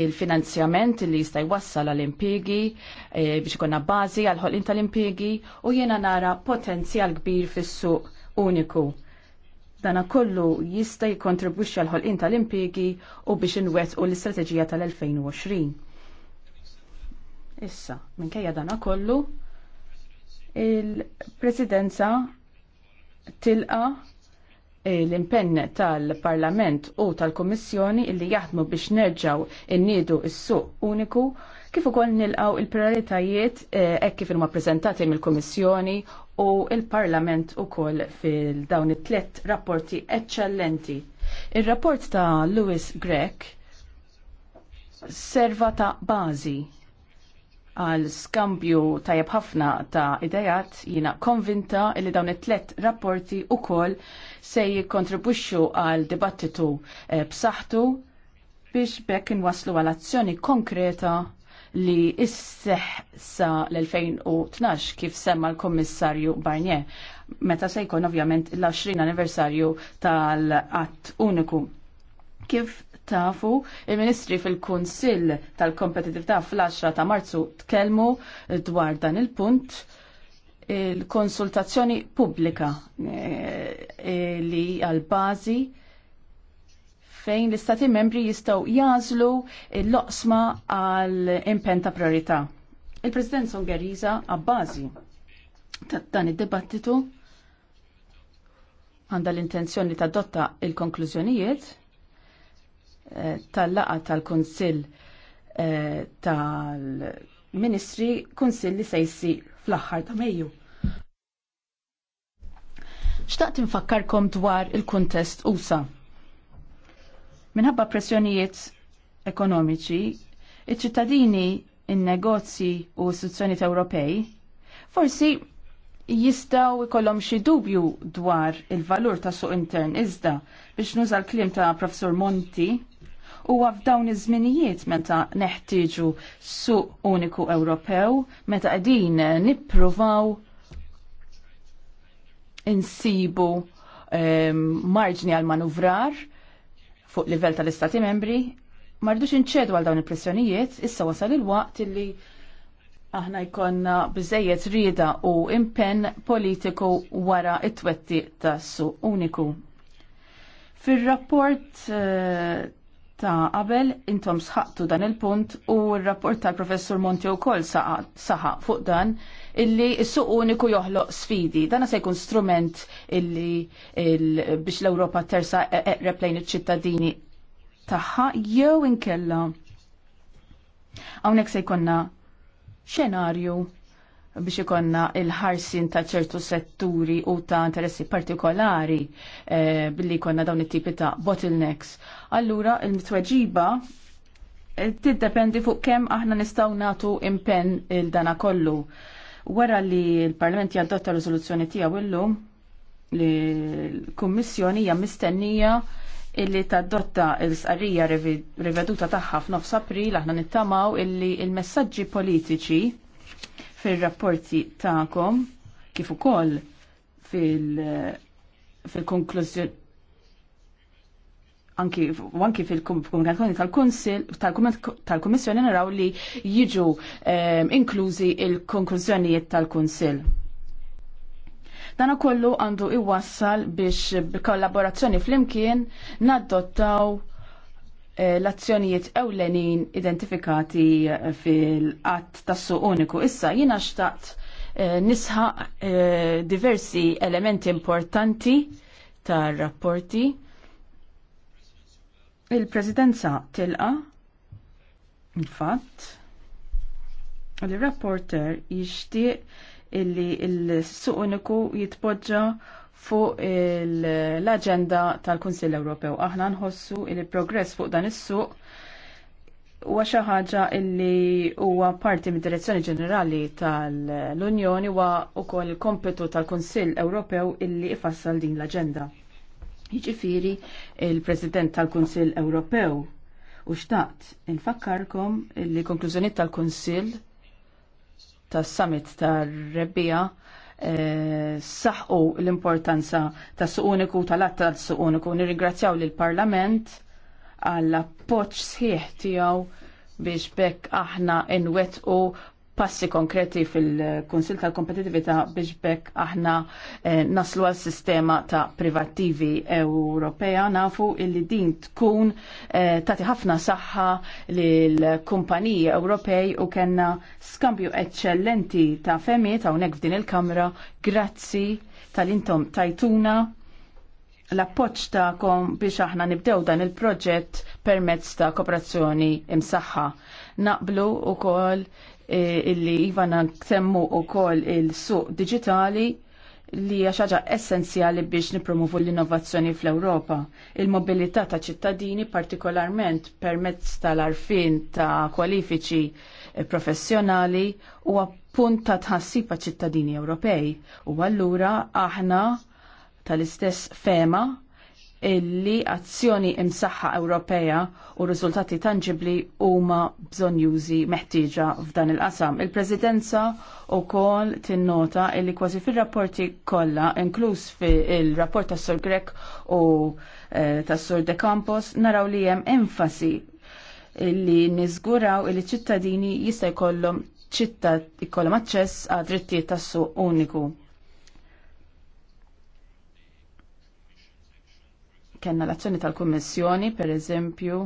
il-finanzjament li jista' jwassal l-Olimpijgi eh, biex ikonna bażi għal ħolqin tal-Olimpijgi u jiena nara potenzjal kbir fis-suq uniku. Dan kollu jista' jikkontribwixxi għal ħolqien tal-Olimpijgi u biex inwettqu l-istrateġija tal-2020. Issa, minkejja dan kollu, il-presidenza tilqa' l-impenn tal-Parlament u tal-Kommissjoni illi jaħdmu biex nerġaw innidu is-suq uniku kif ukoll nilqaw il-prioritajiet eh, hekk kif huma preżentati mill-Kummissjoni u il-Parlament ukoll fil-dawn it-tlet rapporti eċċellenti. Ir-rapport ta' Lewis Grek serva ta' bażi għal skambju tajab ħafna ta' idejat jina konvinta li dawn it-tlet rapporti ukoll se jikkontribwixxu għal dibattitu eh, b'saħħtu biex bekk inwaslu għal azzjoni konkreta li isseħ sa l-2012 kif semma l-Kommissarju Barnier. Meta se jkun ovvjament l-20 anniversarju tal-att uniku. Kif tafu, il-Ministri fil-Kunsill tal-Kompetitività fl-10 ta' Marzu tkellmu dwar dan il-punt il-konsultazzjoni pubblika eh, eh, li għal-bazi fejn l-istati membri jistaw jażlu l-loqsma għal impenta priorità. Il-President Ungheriża għabbażi ta' dan id-dibattitu għanda l-intenzjoni ta' dotta il-konklużjonijiet eh, tal-laqa tal konsil tal-Ministri, Konsil li se fl-aħħar ta' Mejju. Xtaqt infakkarkom dwar il-kuntest USA. Minħabba pressjonijiet ekonomiċi, iċ-ċittadini, il negozji u istituzzjonijiet Ewropej forsi jistaw ikollhom xi dubju dwar il-valur ta' suq intern iżda biex nuża l-kliem ta' Professur Monti huwa f'dawn iż-żminijiet meta neħtieġu suq uniku Ewropew meta qegħdin nippruvaw insibu ehm, marġni għal manuvrar fuq livell tal-istati membri, mardux inċedu għal dawn il-pressjonijiet, issa wasal il-waqt li aħna jkonna bżejjed rida u impenn politiku wara it-twetti tassu uniku. Fil-rapport eh, ta' qabel intom sħaqtu dan il-punt u r-rapport tal-professur Monti u saħaq fuq dan illi s-suq uniku joħloq sfidi. Dana se jkun strument illi biex l-Ewropa tersa eqreb e, lejn iċ-ċittadini tagħha jew inkella. Hawnhekk se jkollna xenarju biex ikonna il-ħarsin ta' ċertu setturi u ta' interessi partikolari e, billi konna dawn it-tipi ta' bottlenecks. Allura, il-mitweġiba e, tiddependi fuq kemm aħna nistgħu nagħtu impen il-dana kollu. Wara li l-Parlament jadotta riżoluzzjoni tiegħu illum li l-Kummissjoni hija mistennija illi tadotta l-sqarrija riveduta tagħha f'nofs April aħna nittamaw illi l messaġġi politiċi fir-rapporti tagħkom kif ukoll fil- fil-konklużjoni anki anki fil-komunikazzjoni tal konsil tal-Kummissjoni naraw li jiġu ehm, inklużi il-konklużjonijiet tal konsil Dan kollu għandu iwassal biex b'kollaborazzjoni flimkien naddottaw eh, l-azzjonijiet ewlenin identifikati eh, fil-qatt tas-suq uniku. Issa jiena xtaqt eh, nisħaq diversi elementi importanti tar-rapporti Il-Presidenza tilqa il-fatt li rapporter jixtieq illi il-suq uniku jitpoġġa fuq l-agenda tal-Kunsill Ewropew. Aħna nħossu il progress fuq dan is-suq huwa xi ħaġa illi huwa parti mid-Direzzjoni Ġenerali tal-Unjoni wa wkoll il-kompetu tal-Kunsill Ewropew illi ifassal din l-aġenda. Jiġifieri il-President tal-Kunsill Ewropew u xtaqt infakkarkom li konklużjonijiet tal-Kunsill tas-summit tar-rebbija eh, saħqu l-importanza ta' suqoniku tal-att tal suqoniku. Nirringrazzjaw lill parlament għall appoġġ sħiħ tiegħu biex bekk aħna nwettqu passi konkreti fil-Kunsil tal-Kompetitività biex bekk aħna eh, naslu għal sistema ta' privattivi Ewropea nafu illi din tkun eh, tati ħafna saħħa lil kumpaniji Ewropej u kenna skambju eccellenti ta' ta' hawnhekk f'din il-Kamra grazzi tal-intom tajtuna l-appoċ kom biex aħna nibdew dan il-proġett permezz ta' kooperazzjoni imsaħħa. Naqblu u kol E, illi jivana semmu u koll il-suq digitali li hija xaġa essenzjali biex nipromovu l-innovazzjoni fl-Ewropa. Il-mobilità ta' ċittadini partikolarment permezz tal-arfin ta' kwalifiċi e, professjonali u punt ta' tħassib ċittadini Ewropej. U allura aħna tal-istess fema illi azzjoni imsaħħa Ewropea u riżultati tangibli huma bżonjużi meħtieġa f'dan il-qasam. Il-Presidenza wkoll tinnota illi kważi fir-rapporti kollha, inkluż fil-rapport tas-Sur Grek u eh, tas-Sur De Campos, naraw li hemm enfasi illi niżguraw illi ċittadini jista' jkollhom ċittad ikollhom aċċess għad drittijiet tas-suq uniku kena l-azzjoni tal-Kummissjoni, per eżempju,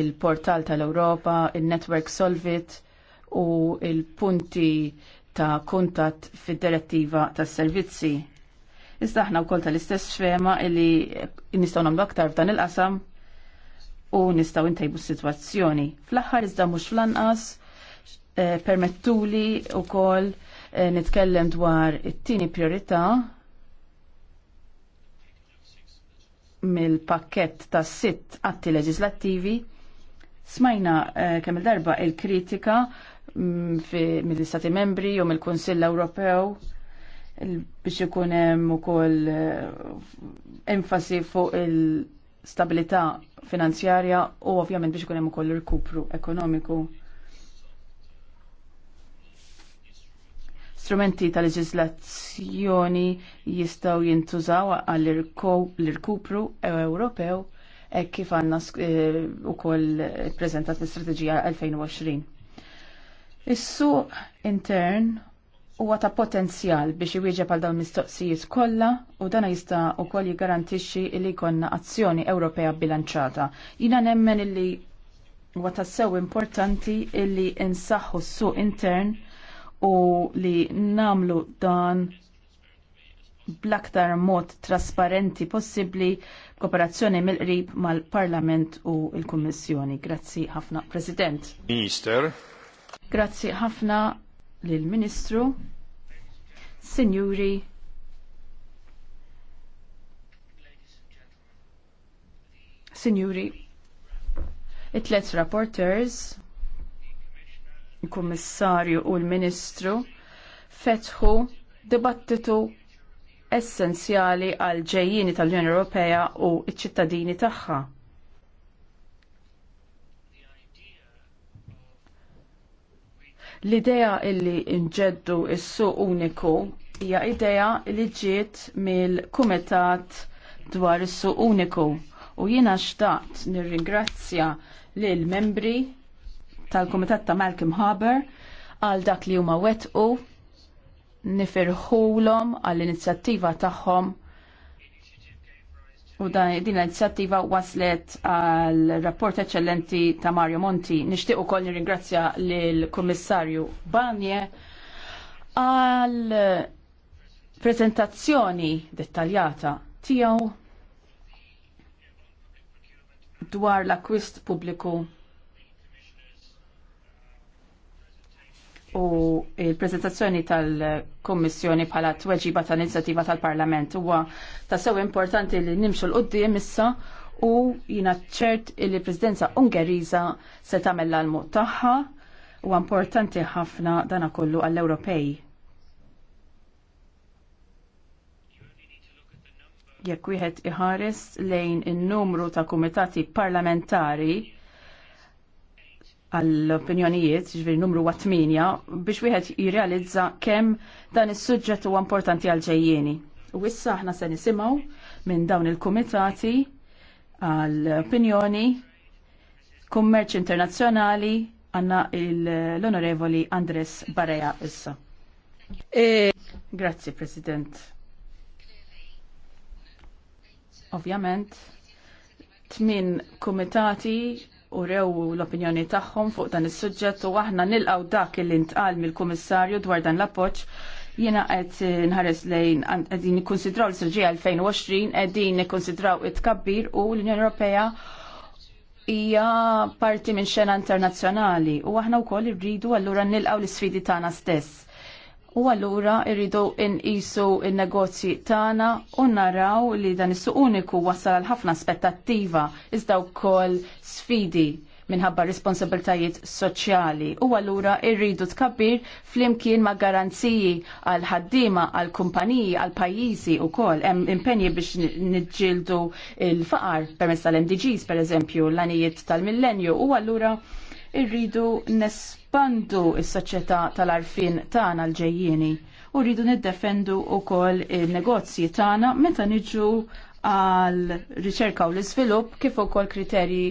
il-portal tal-Europa, il-Network Solvit u il-punti ta' kuntat fid-direttiva tas servizzi Iżda aħna wkoll tal-istess xfema li nistgħu nagħmlu aktar f'dan il-qasam u nistgħu ntejbu s-sitwazzjoni. Fl-aħħar iżda mhux fl-anqas eh, permettuli wkoll eh, nitkellem dwar it-tieni priorità mill-pakket ta' sitt atti leġislattivi smajna eh, kemm il-darba il-kritika mm, mill-Istati membri u mill-Kunsill Ewropew biex ikun hemm ukoll eh, enfasi fuq il-stabilità finanzjarja u ovvjament biex ikun hemm ukoll il ekonomiku strumenti ta' leġislazzjoni jistaw jintużaw għall-irkupru Ewropew e kif għanna e, u koll prezentat l-Strategija 2020. Issu intern huwa ta' potenzjal biex iwieġeb għal dawn mistoqsijiet kollha u dana jista' wkoll jiggarantixxi li jkollna azzjoni Ewropea bilanċata. Jina nemmen illi huwa tassew importanti illi insaħħu s-suq intern u li namlu dan bl-aktar mod trasparenti possibbli kooperazzjoni mill-qrib mal-Parlament u l-Kummissjoni. Grazzi ħafna, President. Minister. Grazzi ħafna lil ministru Sinjuri. Sinjuri. it lets rapporters il-Kummissarju u l-Ministru fetħu dibattitu essenzjali għal ġejjini tal-Unjoni Ewropea u ċ-ċittadini tagħha. L-idea illi nġeddu is-suq uniku hija idea li ġiet mill-Kumitat dwar is-suq uniku u jiena xtaqt nirringrazzja lill membri tal-Kumitat ta' Malcolm Harbour għal dak li huma wetqu nifirħulhom għall-inizjattiva tagħhom U dan din l-inizjattiva waslet għal rapport eccellenti ta' Mario Monti. Nixtieq ukoll nirringrazzja lill-Kummissarju Banje għal prezentazzjoni dettaljata tiegħu dwar l-akwist pubbliku u il-prezentazzjoni tal-Kommissjoni bħala tweġiba tal-inizjattiva tal-Parlament huwa ta' sew importanti li nimxu l-qoddim issa u jina ċert li l-Presidenza Ungeriża se tagħmel l-almu tagħha u importanti ħafna dana kollu għall-Ewropej. Jekk wieħed iħares lejn in-numru ta' kumitati parlamentari għall-opinjonijiet, ġviri numru għatminja, biex wieħed jirrealizza kemm dan is-suġġett huwa importanti għal ġejjieni. U issa aħna se nisimgħu minn dawn il-kumitati għall-opinjoni kummerċ internazzjonali għanna l-onorevoli Andres Bareja issa. E... Grazzi, President. Ovvjament, tmin kumitati u rew l-opinjoni tagħhom fuq dan is-suġġett u aħna nilqgħu dak li ntqal mill-Kummissarju dwar dan l-appoġġ Jiena għed eh, nħares lejn qegħdin nikonsidraw l-sirġija 2020, qegħdin nikonsidraw it-kabbir u l-Unjoni Ewropea hija parti minn xena internazzjonali u aħna wkoll irridu allura nilqgħu l-isfidi tagħna stess. U allura irridu nqisu n-negozji tagħna u naraw li dan is-suq uniku wasal għal ħafna aspettattiva iżda wkoll sfidi minħabba responsabiltajiet soċjali. U allura irridu tkabbir flimkien ma' garanziji għal ħaddiema għal kumpaniji, għal pajjiżi wkoll hemm impenji biex niġġieldu l-faqar permezz tal-MDGs pereżempju l-anijiet tal-millenju u allura irridu nespandu is-soċjetà tal-arfin tagħna l-ġejjieni u rridu niddefendu wkoll in-negozji tagħna meta niġu għal riċerka u l-iżvilupp kif ukoll kriterji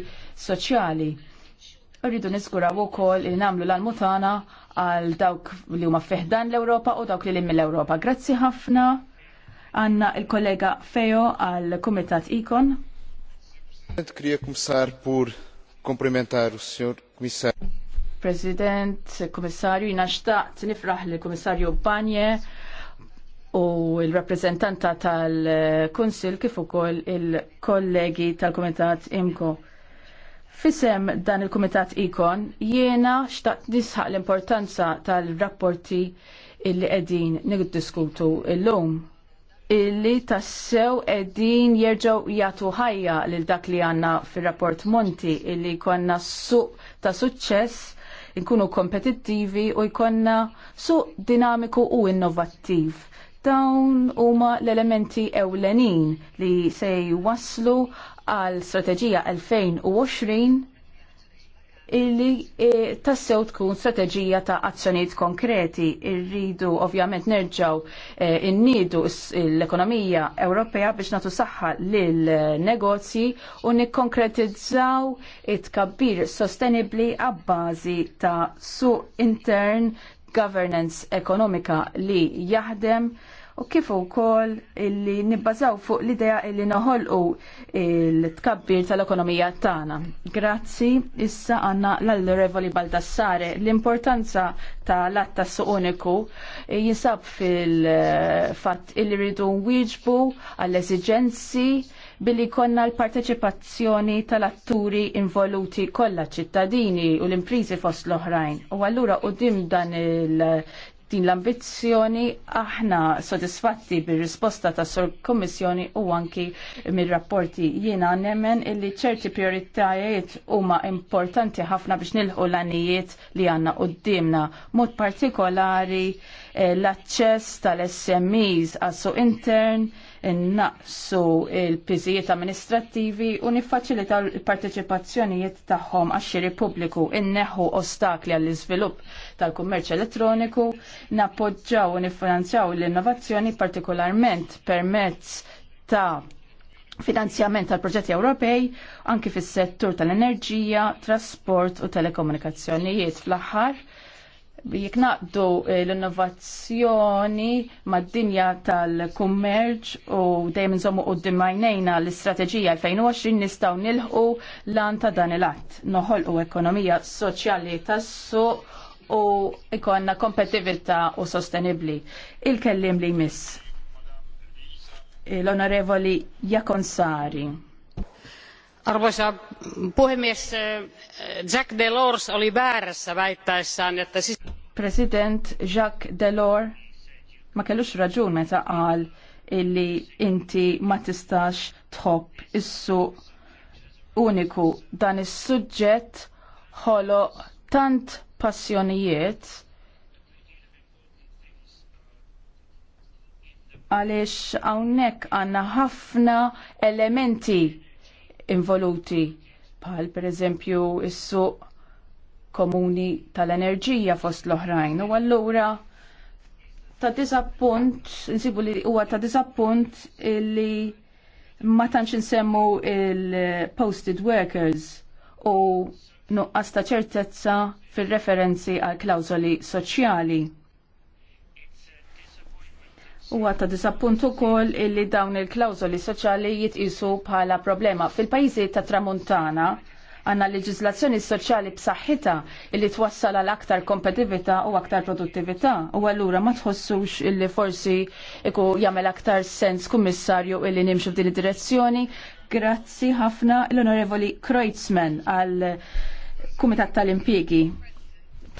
soċjali. Rridu niżguraw ukoll li nagħmlu l mutana għal dawk li huma fiħdan l-Ewropa u dawk li lim l-Ewropa. Grazzi ħafna għanna il-kollega Fejo għal Kumitat Ikon. pur komplimentar u Sr. President, Komissarju, jina e xtaqt nifraħ li Komissarju Banje u il-rappresentanta tal-Kunsil kif ukoll il-kollegi tal-Kumitat Imko. Fisem dan il-Kumitat IKON jiena xtaqt nisħaq l-importanza tal-rapporti illi qegħdin niddiskutu illum illi tassew edin jerġaw jatu ħajja lil dak li għanna fil-rapport Monti illi konna suq ta' suċċess nkunu kompetittivi u jkonna suq dinamiku u innovattiv. Dawn huma l-elementi ewlenin li se jwasslu għal strateġija 2020 illi e, tassew tkun strateġija ta' azzjonijiet konkreti. Irridu ovvjament nerġaw e, innidu l-ekonomija Ewropea biex natu saħħa lil negozji u nikkonkretizzaw it-kabbir sostenibli għabbażi ta' suq intern governance ekonomika li jaħdem u kif ukoll illi nibbażaw fuq l-idea illi noħolqu l tkabbir tal-ekonomija tagħna. Grazzi, issa għandna l-Revoli Baldassare. L-importanza tal-att tas uniku jinsab fil-fatt illi rridu nwieġbu għall-eżiġenzi billi konna l-parteċipazzjoni tal-atturi involuti kollha ċittadini u l-imprizi fost l-oħrajn. U allura u dim dan il din l-ambizzjoni aħna sodisfatti bir-risposta ta' sur kommissjoni u anki mir-rapporti jiena nemmen illi ċerti prioritajiet huma importanti ħafna biex nilħu l-anijiet li għanna dimna Mod partikolari eh, l-aċċess tal-SMEs għas-suq intern, naqsu il-piżijiet amministrattivi u niffaċilita l-parteċipazzjonijiet tagħhom għax-xiri pubbliku inneħħu ostakli għall-iżvilupp tal-kummerċ elettroniku, nappoġġaw u niffinanzjaw l-innovazzjoni partikolarment permezz ta' finanzjament tal-proġetti Ewropej anki fis-settur tal-enerġija, trasport u telekomunikazzjonijiet fl-aħħar jek naqdu eh, l-innovazzjoni mad-dinja tal-kummerċ u dejjem nżommu u d-dimajnejna l-istrateġija 2020 nistaw nilħu lan ta' dan il-att. Noħol u ekonomija soċjali tassu u ikonna kompetivita u sostenibli. Il-kellim li miss. L-onorevoli Jakonsari. Arvoisa puhemies, eh, Jack Delors oli väärässä väittäessään, että... President Jacques Delors ma kellux raġun meta qal illi inti ma tistax tħobb is-suq uniku dan is-suġġett ħolo tant passjonijiet għaliex hawnhekk għandna ħafna elementi involuti pal per eżempju is-suq komuni tal-enerġija fost l-oħrajn u allura ta' disappunt, nsibu li huwa ta' disappunt li ma tantx insemmu il-posted workers u nuqqas ta' ċertezza fil-referenzi għal klawżoli soċjali. U għatta disappunt ukoll illi dawn il-klawżoli soċjali jitqisu bħala problema. fil pajzi ta' tramuntana għanna leġislazzjoni soċjali b'saħħitha illi twassal għal aktar kompetitività u aktar produttività. U allura ma tħossux illi forsi iku jagħmel aktar sens kummissarju illi nimxu f'din id-direzzjoni. Grazzi ħafna l-Onorevoli Kreutzmann għal Kumitat tal-Impjegi.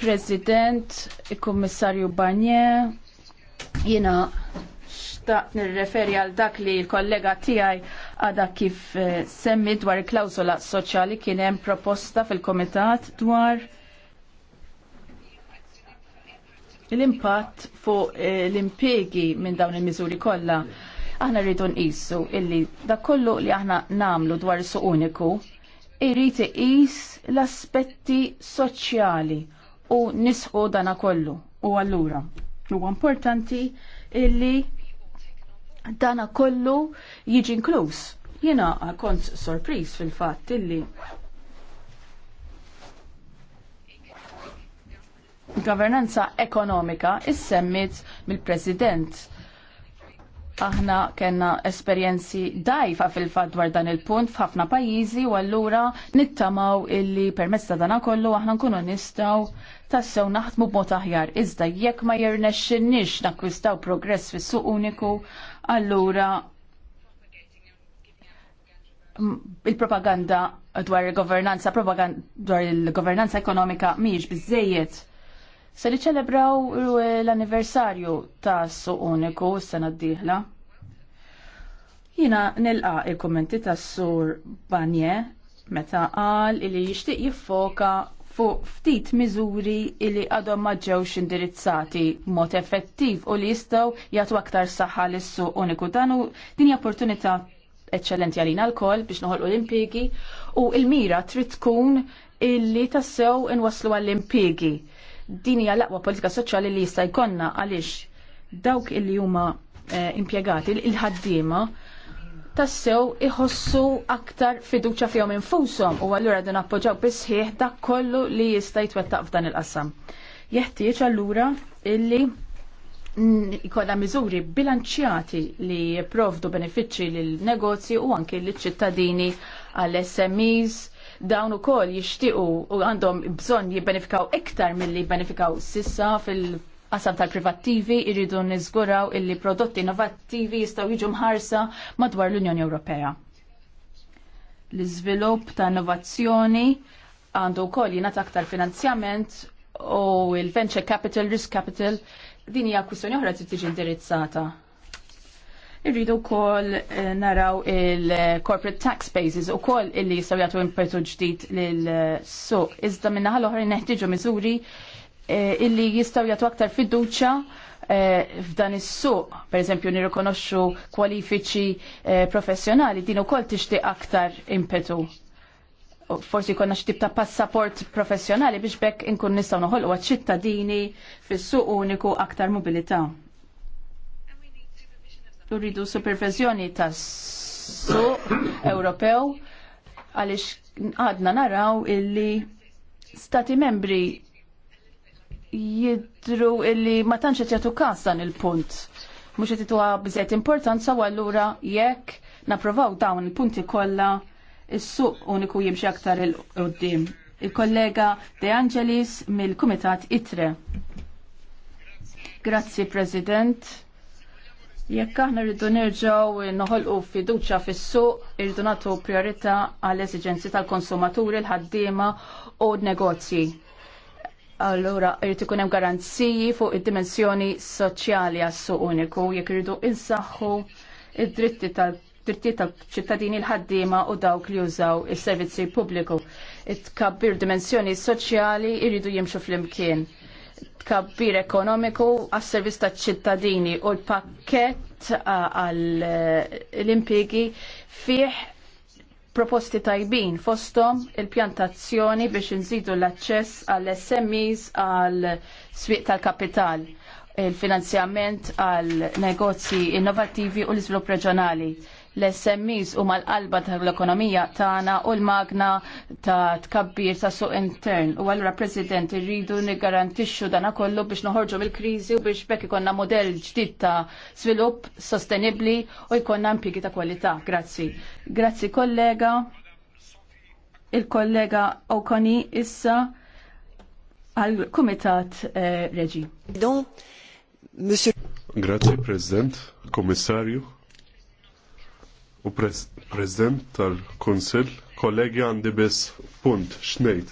President, il-Kummissarju Barnier, Jina xtaq nirreferi għal dak li l-kollega tiegħi għada kif eh, semmi dwar il-klawsola soċjali kien hemm proposta fil-komitat dwar l-impatt fuq eh, l impiegi minn dawn il-miżuri kollha. Aħna rridu nqisu illi da kollu li aħna namlu dwar is-suq uniku irrid iqis l-aspetti soċjali u nisħu dana kollu u allura. Huwa importanti illi dana kollu jiġi inkluż. Jiena kont sorpriż fil-fatt illi governanza ekonomika is-semmit mill-President aħna kena esperjenzi dajfa fil-fat dwar dan il-punt f'ħafna pajjiżi u allura nittamaw illi permezz ta' dana kollu aħna nkunu nistaw tassew naħdmu b'mod aħjar. Iżda jekk ma jirnexxinniex nakkwistaw progress fis-suq uniku, allura il-propaganda dwar il-governanza, dwar il-governanza ekonomika mhijiex biżejjed se ċelebraw l-anniversarju ta' suq uniku s-sena d-dieħla. Jina nilqa il-kommenti ta' sur Banje meta qal li jixtieq jiffoka fuq ftit miżuri li għadhom ma ġewx indirizzati mod effettiv u li jistgħu jagħtu aktar saħħa lis-suq uniku dan din hija opportunità eċċellenti għalina l-koll biex noħolqu l u l-mira trid tkun illi tassew inwaslu għall-impjegi Din hija l-aqwa politika soċjali li jista' jkollna għaliex dawk illi huma eh, impjegati il-ħaddiema tassew iħossu aktar fiduċa fihom infushom u allura din appoġġaw bisħieħ dak kollu li jista' jitwettaq f'dan il-qasam. Jeħtieġ allura illi jkollha miżuri bilanċjati li jipprovdu benefiċċji lil negozji u anke lill ċittadini għall SMEs dawn ukoll jixtiequ u għandhom bżonn jibbenefikaw iktar milli jibbenefikaw sissa fil qasam tal-privattivi irridu niżguraw illi prodotti innovattivi jistgħu jiġu mħarsa madwar l-Unjoni Ewropea. L-iżvilupp ta' innovazzjoni għandu wkoll jingħata aktar finanzjament u l-venture capital, risk capital, din hija kwistjoni oħra trid tiġi indirizzata Irridu kol eh, naraw il-corporate tax bases u kol illi jistaw jgħatu impetu ġdid lil-suq. Eh, Iżda minna ħal-oħra neħtiġu miżuri eh, illi jistaw jgħatu aktar fiduċa f'dan is-suq, per eżempju nirrikonoxxu kwalifiċi professjonali, din ukoll tixtieq aktar impetu. Forsi konna xtib ta' passaport professjonali biex bekk inkun nistgħu noħolqu għaċ-ċittadini fis-suq uniku aktar mobilità rridu supervizjoni tas-suq Ewropew għaliex għadna naraw illi stati membri jidru illi ma tantx qed jagħtu każ dan il-punt. Mhux qed jituha biżejjed importanza u allura jekk napprovaw dawn il-punti kollha is-suq uniku jimxi aktar il qudiem Il-kollega De Angelis mill-Kumitat ITRE. Grazzi, President. Jekk aħna rridu nerġgħu noħolqu fiduċja fis-suq, irridu nagħtu priorità għall eżiġenzi tal-konsumaturi, l-ħaddiema u d negozji Allura irid ikun hemm garanziji fuq id-dimensjoni soċjali għas-suq uniku jekk irridu insaħħu id-dritti tal drittijiet tal-ċittadini l-ħaddiema u dawk li jużaw is-servizzi pubbliku. It-kabbir dimensjoni soċjali jridu jimxu flimkien tkabbir ekonomiku għas-servizz taċ-ċittadini u l-pakkett għall-impjegi eh, fih proposti tajbin fostom il-pjantazzjoni biex nżidu l-aċċess għall smes għal swieq tal-kapital, il-finanzjament għal negozji innovativi u l-iżvilupp reġjonali l-SMEs u mal-qalba tal-ekonomija tagħna u l-magna ta' tkabbir ta' suq intern. U allura President irridu niggarantixxu dana kollu biex noħorġu mill-kriżi u biex bekk ikonna modell ġdid ta' svilupp sostenibbli u jkollna impjiegi ta' kwalità. Grazzi. Grazzi kollega. Il-kollega Okoni issa għal-Kumitat eh, Reġi. Grazie President, Komissarju, u President tal-Kunsill, kollegi għandi biss punt xnejt.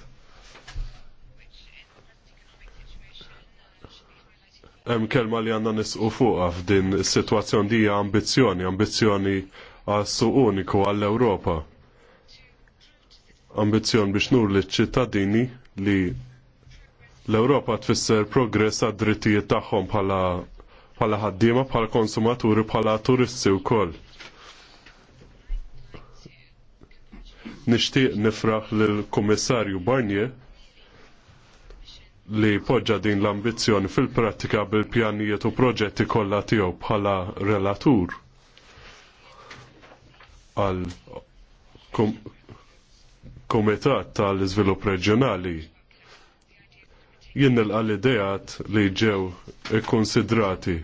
Hemm kelma li għandna nisqu fuqha f'din is-sitwazzjoni di ambizzjoni, ambizzjoni għas-suq uniku għall-Ewropa. Ambizzjoni biex nur liċ ċittadini li l-Ewropa tfisser progress għad drittijiet tagħhom bħala bħala ħaddiema bħala konsumaturi bħala turisti wkoll. Nixtieq nifraħ lill-Kummissarju Barnier li poġġa din l-ambizzjoni fil-prattika bil-pjanijiet u proġetti kollha tiegħu bħala relatur għal Kumitat tal-Iżvilupp Reġjonali jien nilqa' l-idejat li ġew ikkonsidrati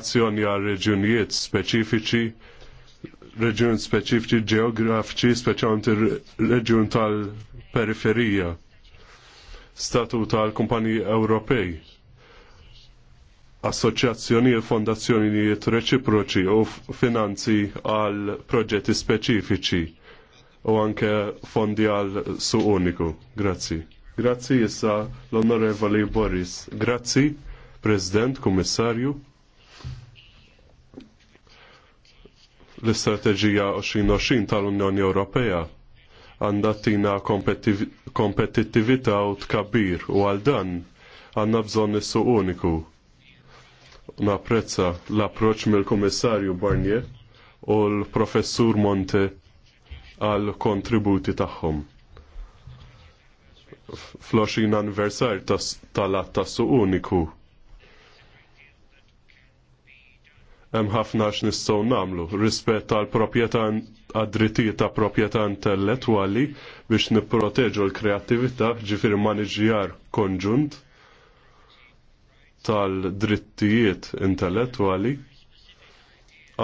azzjoni għal reġjunijiet speċifiċi reġjun speċifiċi ġeografiċi, speċjalment ir-reġjun tal-periferija, statut tal-kumpaniji Ewropej, assoċjazzjonijiet, fondazzjonijiet reċiproċi u finanzi għal proġetti speċifiċi u anke fondi għal suq uniku. Grazzi. Grazzi issa l-Onorevoli Boris. Grazzi, President, Kummissarju. l-istrateġija 2020 tal-Unjoni Ewropea għandha tina kompetittività u tkabbir u għal dan għandna bżonn is-suq uniku. Napprezza l-approċċ mill-Kummissarju Barnier u l-Professur Monte għal kontributi tagħhom. Fl-20 anniversar tal-att tas-suq uniku hemm ħafna x'nistgħu nagħmlu rispett għal proprjetà għad-drittijiet ta' proprjetà intellettwali biex nipproteġu l-kreattività ġifieri maniġjar konġunt tal-drittijiet intellettwali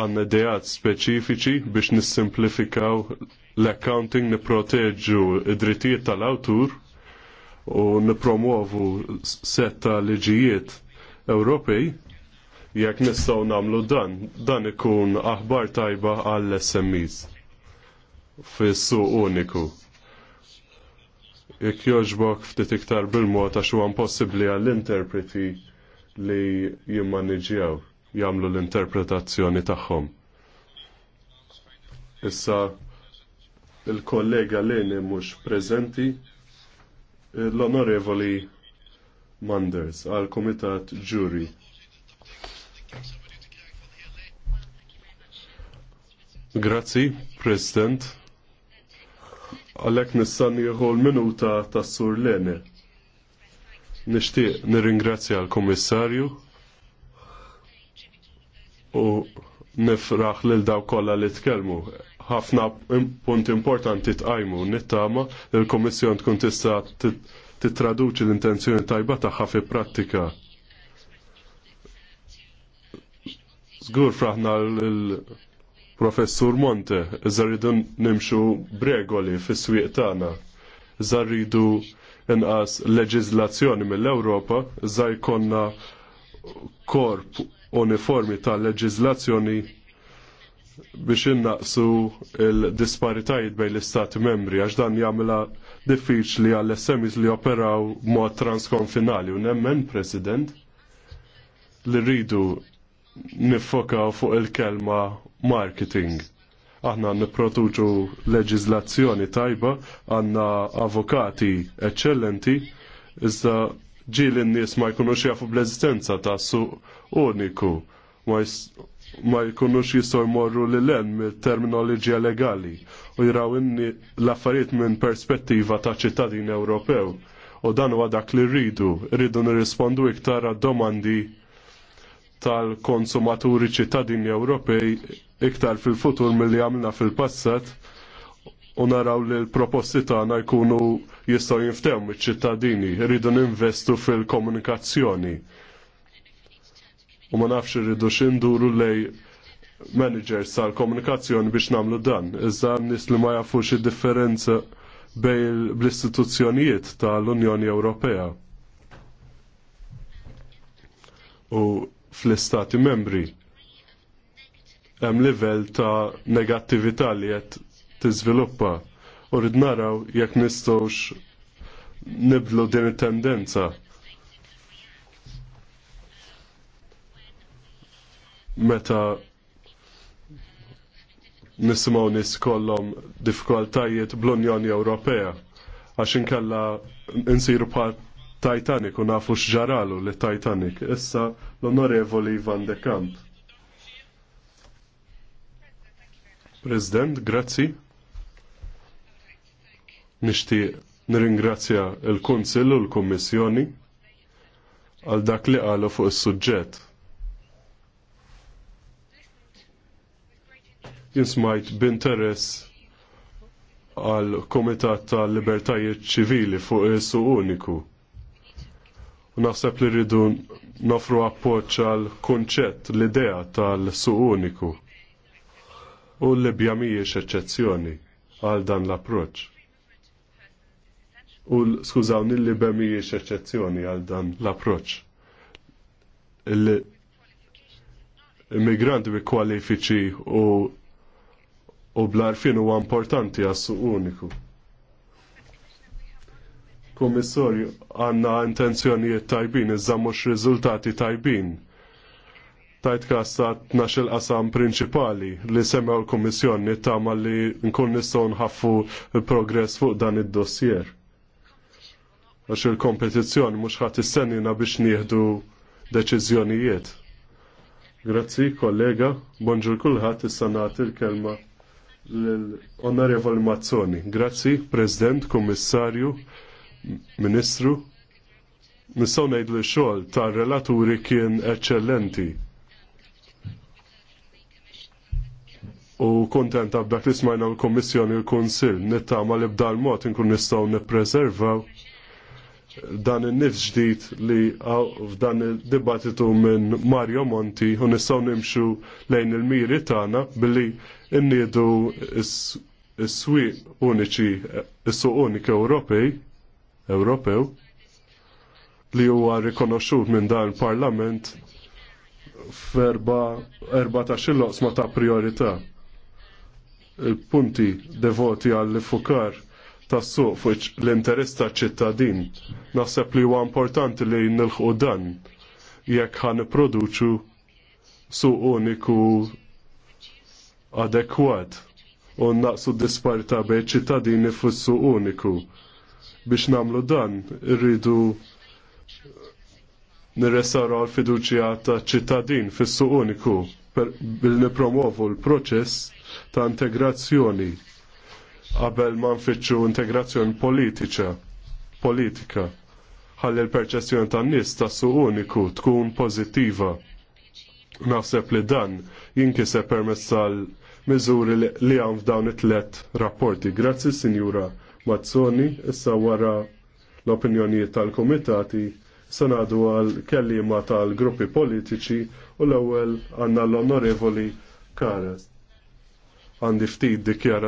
għan idejat speċifiċi biex nissimplifikaw l-accounting niproteġu id-drittijiet tal-awtur u nipromuovu setta liġijiet Ewropej Jekk nistgħu nagħmlu dan, dan ikun aħbar tajba għall smis fis-suq uniku. Jekk jogħġbok ftit iktar bil-mod għax huwa impossibbli għall-interpreti li jimmaniġjaw jagħmlu l-interpretazzjoni tagħhom. Issa il-kollega Leni mhux preżenti l-Onorevoli Manders għal kumitat Ġuri. Grazzi, President. Għalek nissan jieħu l-minuta ta' sur Lene. Nishtiq nirringrazzja l-Komissarju u nifraħ lil daw kolla li tkellmu. Ħafna punt importanti tqajmu nittama l-Komissjon tkun tista' titraduċi l-intenzjoni tajba tagħha fi prattika. Zgur fraħna l-professur Monte, zarridu nimxu bregoli fis swieq tagħna. Zarridu inqas leġizlazzjoni mill-Ewropa, za konna korp uniformi ta' leġizlazzjoni biex innaqsu il-disparitajiet bejn l-istati membri, għax dan jagħmilha diffiċli għall SMEs li operaw mod transkonfinali. U nemmen, President, li rridu nifoka fuq il-kelma marketing. Aħna niproduċu leġizlazzjoni tajba, għanna avokati eccellenti, iżda ġil n-nies ma jkunux jafu bl ezistenza ta' suq uniku, ma jkunux jistaw jmorru l len mill-terminoloġija legali u jiraw l-affarijiet minn perspettiva ta' ċittadin Ewropew. U dan huwa dak li rridu, rridu nirrispondu iktar għad domandi tal-konsumaturi ċittadini Ewropej iktar fil-futur milli għamilna fil-passat u naraw li l-proposti tagħna jkunu jistgħu jinftehmu iċ-ċittadini, rridu ninvestu fil-komunikazzjoni. U ma nafx irridu xinduru lej managers tal-komunikazzjoni biex nagħmlu dan. Iżda nies li ma jafux id-differenza bejn l-istituzzjonijiet tal-Unjoni Ewropea. U fl-istati membri. Hemm livell ta' negattività li qed tiżviluppa u rid naraw jekk nistgħux nibdlu din it-tendenza. Meta nisimgħu nies kollhom diffikultajiet bl-Unjoni Ewropea għax inkella insiru bħal Titanic u nafu xġaralu li Titanic. Issa l-onorevoli Van de Kamp. President, grazzi. Nishti nirringrazzja il-Kunsill u l-Kommissjoni għal dak li għalu fuq is-suġġett. Jinsmajt b'interess għal Komitat tal-Libertajiet Ċivili fuq il-Su uniku naħseb li rridu nofru appoċ għal kunċett l-idea tal-suq uniku. U l-Libja mhijiex eċċezzjoni għal dan l-approċ. U skużawni l-Libja mhijiex eċċezzjoni għal dan l-approċ. Immigranti bi kwalifiċi u u bl-arfin huwa importanti għas-suq uniku. Kummissarju għandna intenzjonijiet tajbin, iżda mhux riżultati tajbin. Tajt nax il qasam prinċipali li semmew l-Kummissjoni tama li nkun nistgħu nħaffu progress fuq dan id-dossier. Għax il-kompetizzjoni mhux ħadd istennina biex nieħdu deċiżjonijiet. Grazzi, kollega, bonġur kulħadd issa nagħti l-kelma l-Onorevoli Mazzoni. Grazzi, President, Kummissarju Ministru, nistgħu ngħid li x-xogħol tar-relaturi kien eċċellenti. u kontenta għabdak li smajna l-Kommissjoni u l-Konsil nittama li b'dal mod nkun nistgħu nippreservaw dan il nifs ġdid li f'dan id-dibattitu minn Mario Monti u nistgħu nimxu lejn il-miri tagħna billi nniedu is-swieq uniċi is-suq unik Ewropej Ewropew li huwa rikonoxxut minn dan il-Parlament f'erba' ta' loqsma ta' priorità. Il-punti devoti għall fukar tas suq fuq l-interess ta' ċittadin. Naħseb li huwa importanti li nilħqu dan jekk ħan produċu suq uniku adekwat u naqsu disparita bejn ċittadini fis suq uniku. Biex namlu dan, irridu nirrestaraw l-fiduċja ta' ċittadin fis-suq uniku bil nipromovu l-proċess ta' integrazzjoni qabel ma nfittxu integrazzjoni politiċa politika ħalli l perċessjoni tan-nies tas-suq uniku tkun pożittiva. Naħseb li dan jinkise permezz tal-miżuri li hawn f'dawn it-tlet rapporti. Grazzi, Sinjura Mazzoni, issa wara l-opinjonijiet tal-komitati, sanadu għal kellima tal-gruppi politiċi u l-ewwel għanna l-onorevoli Karas. Għandi ftit dikjarat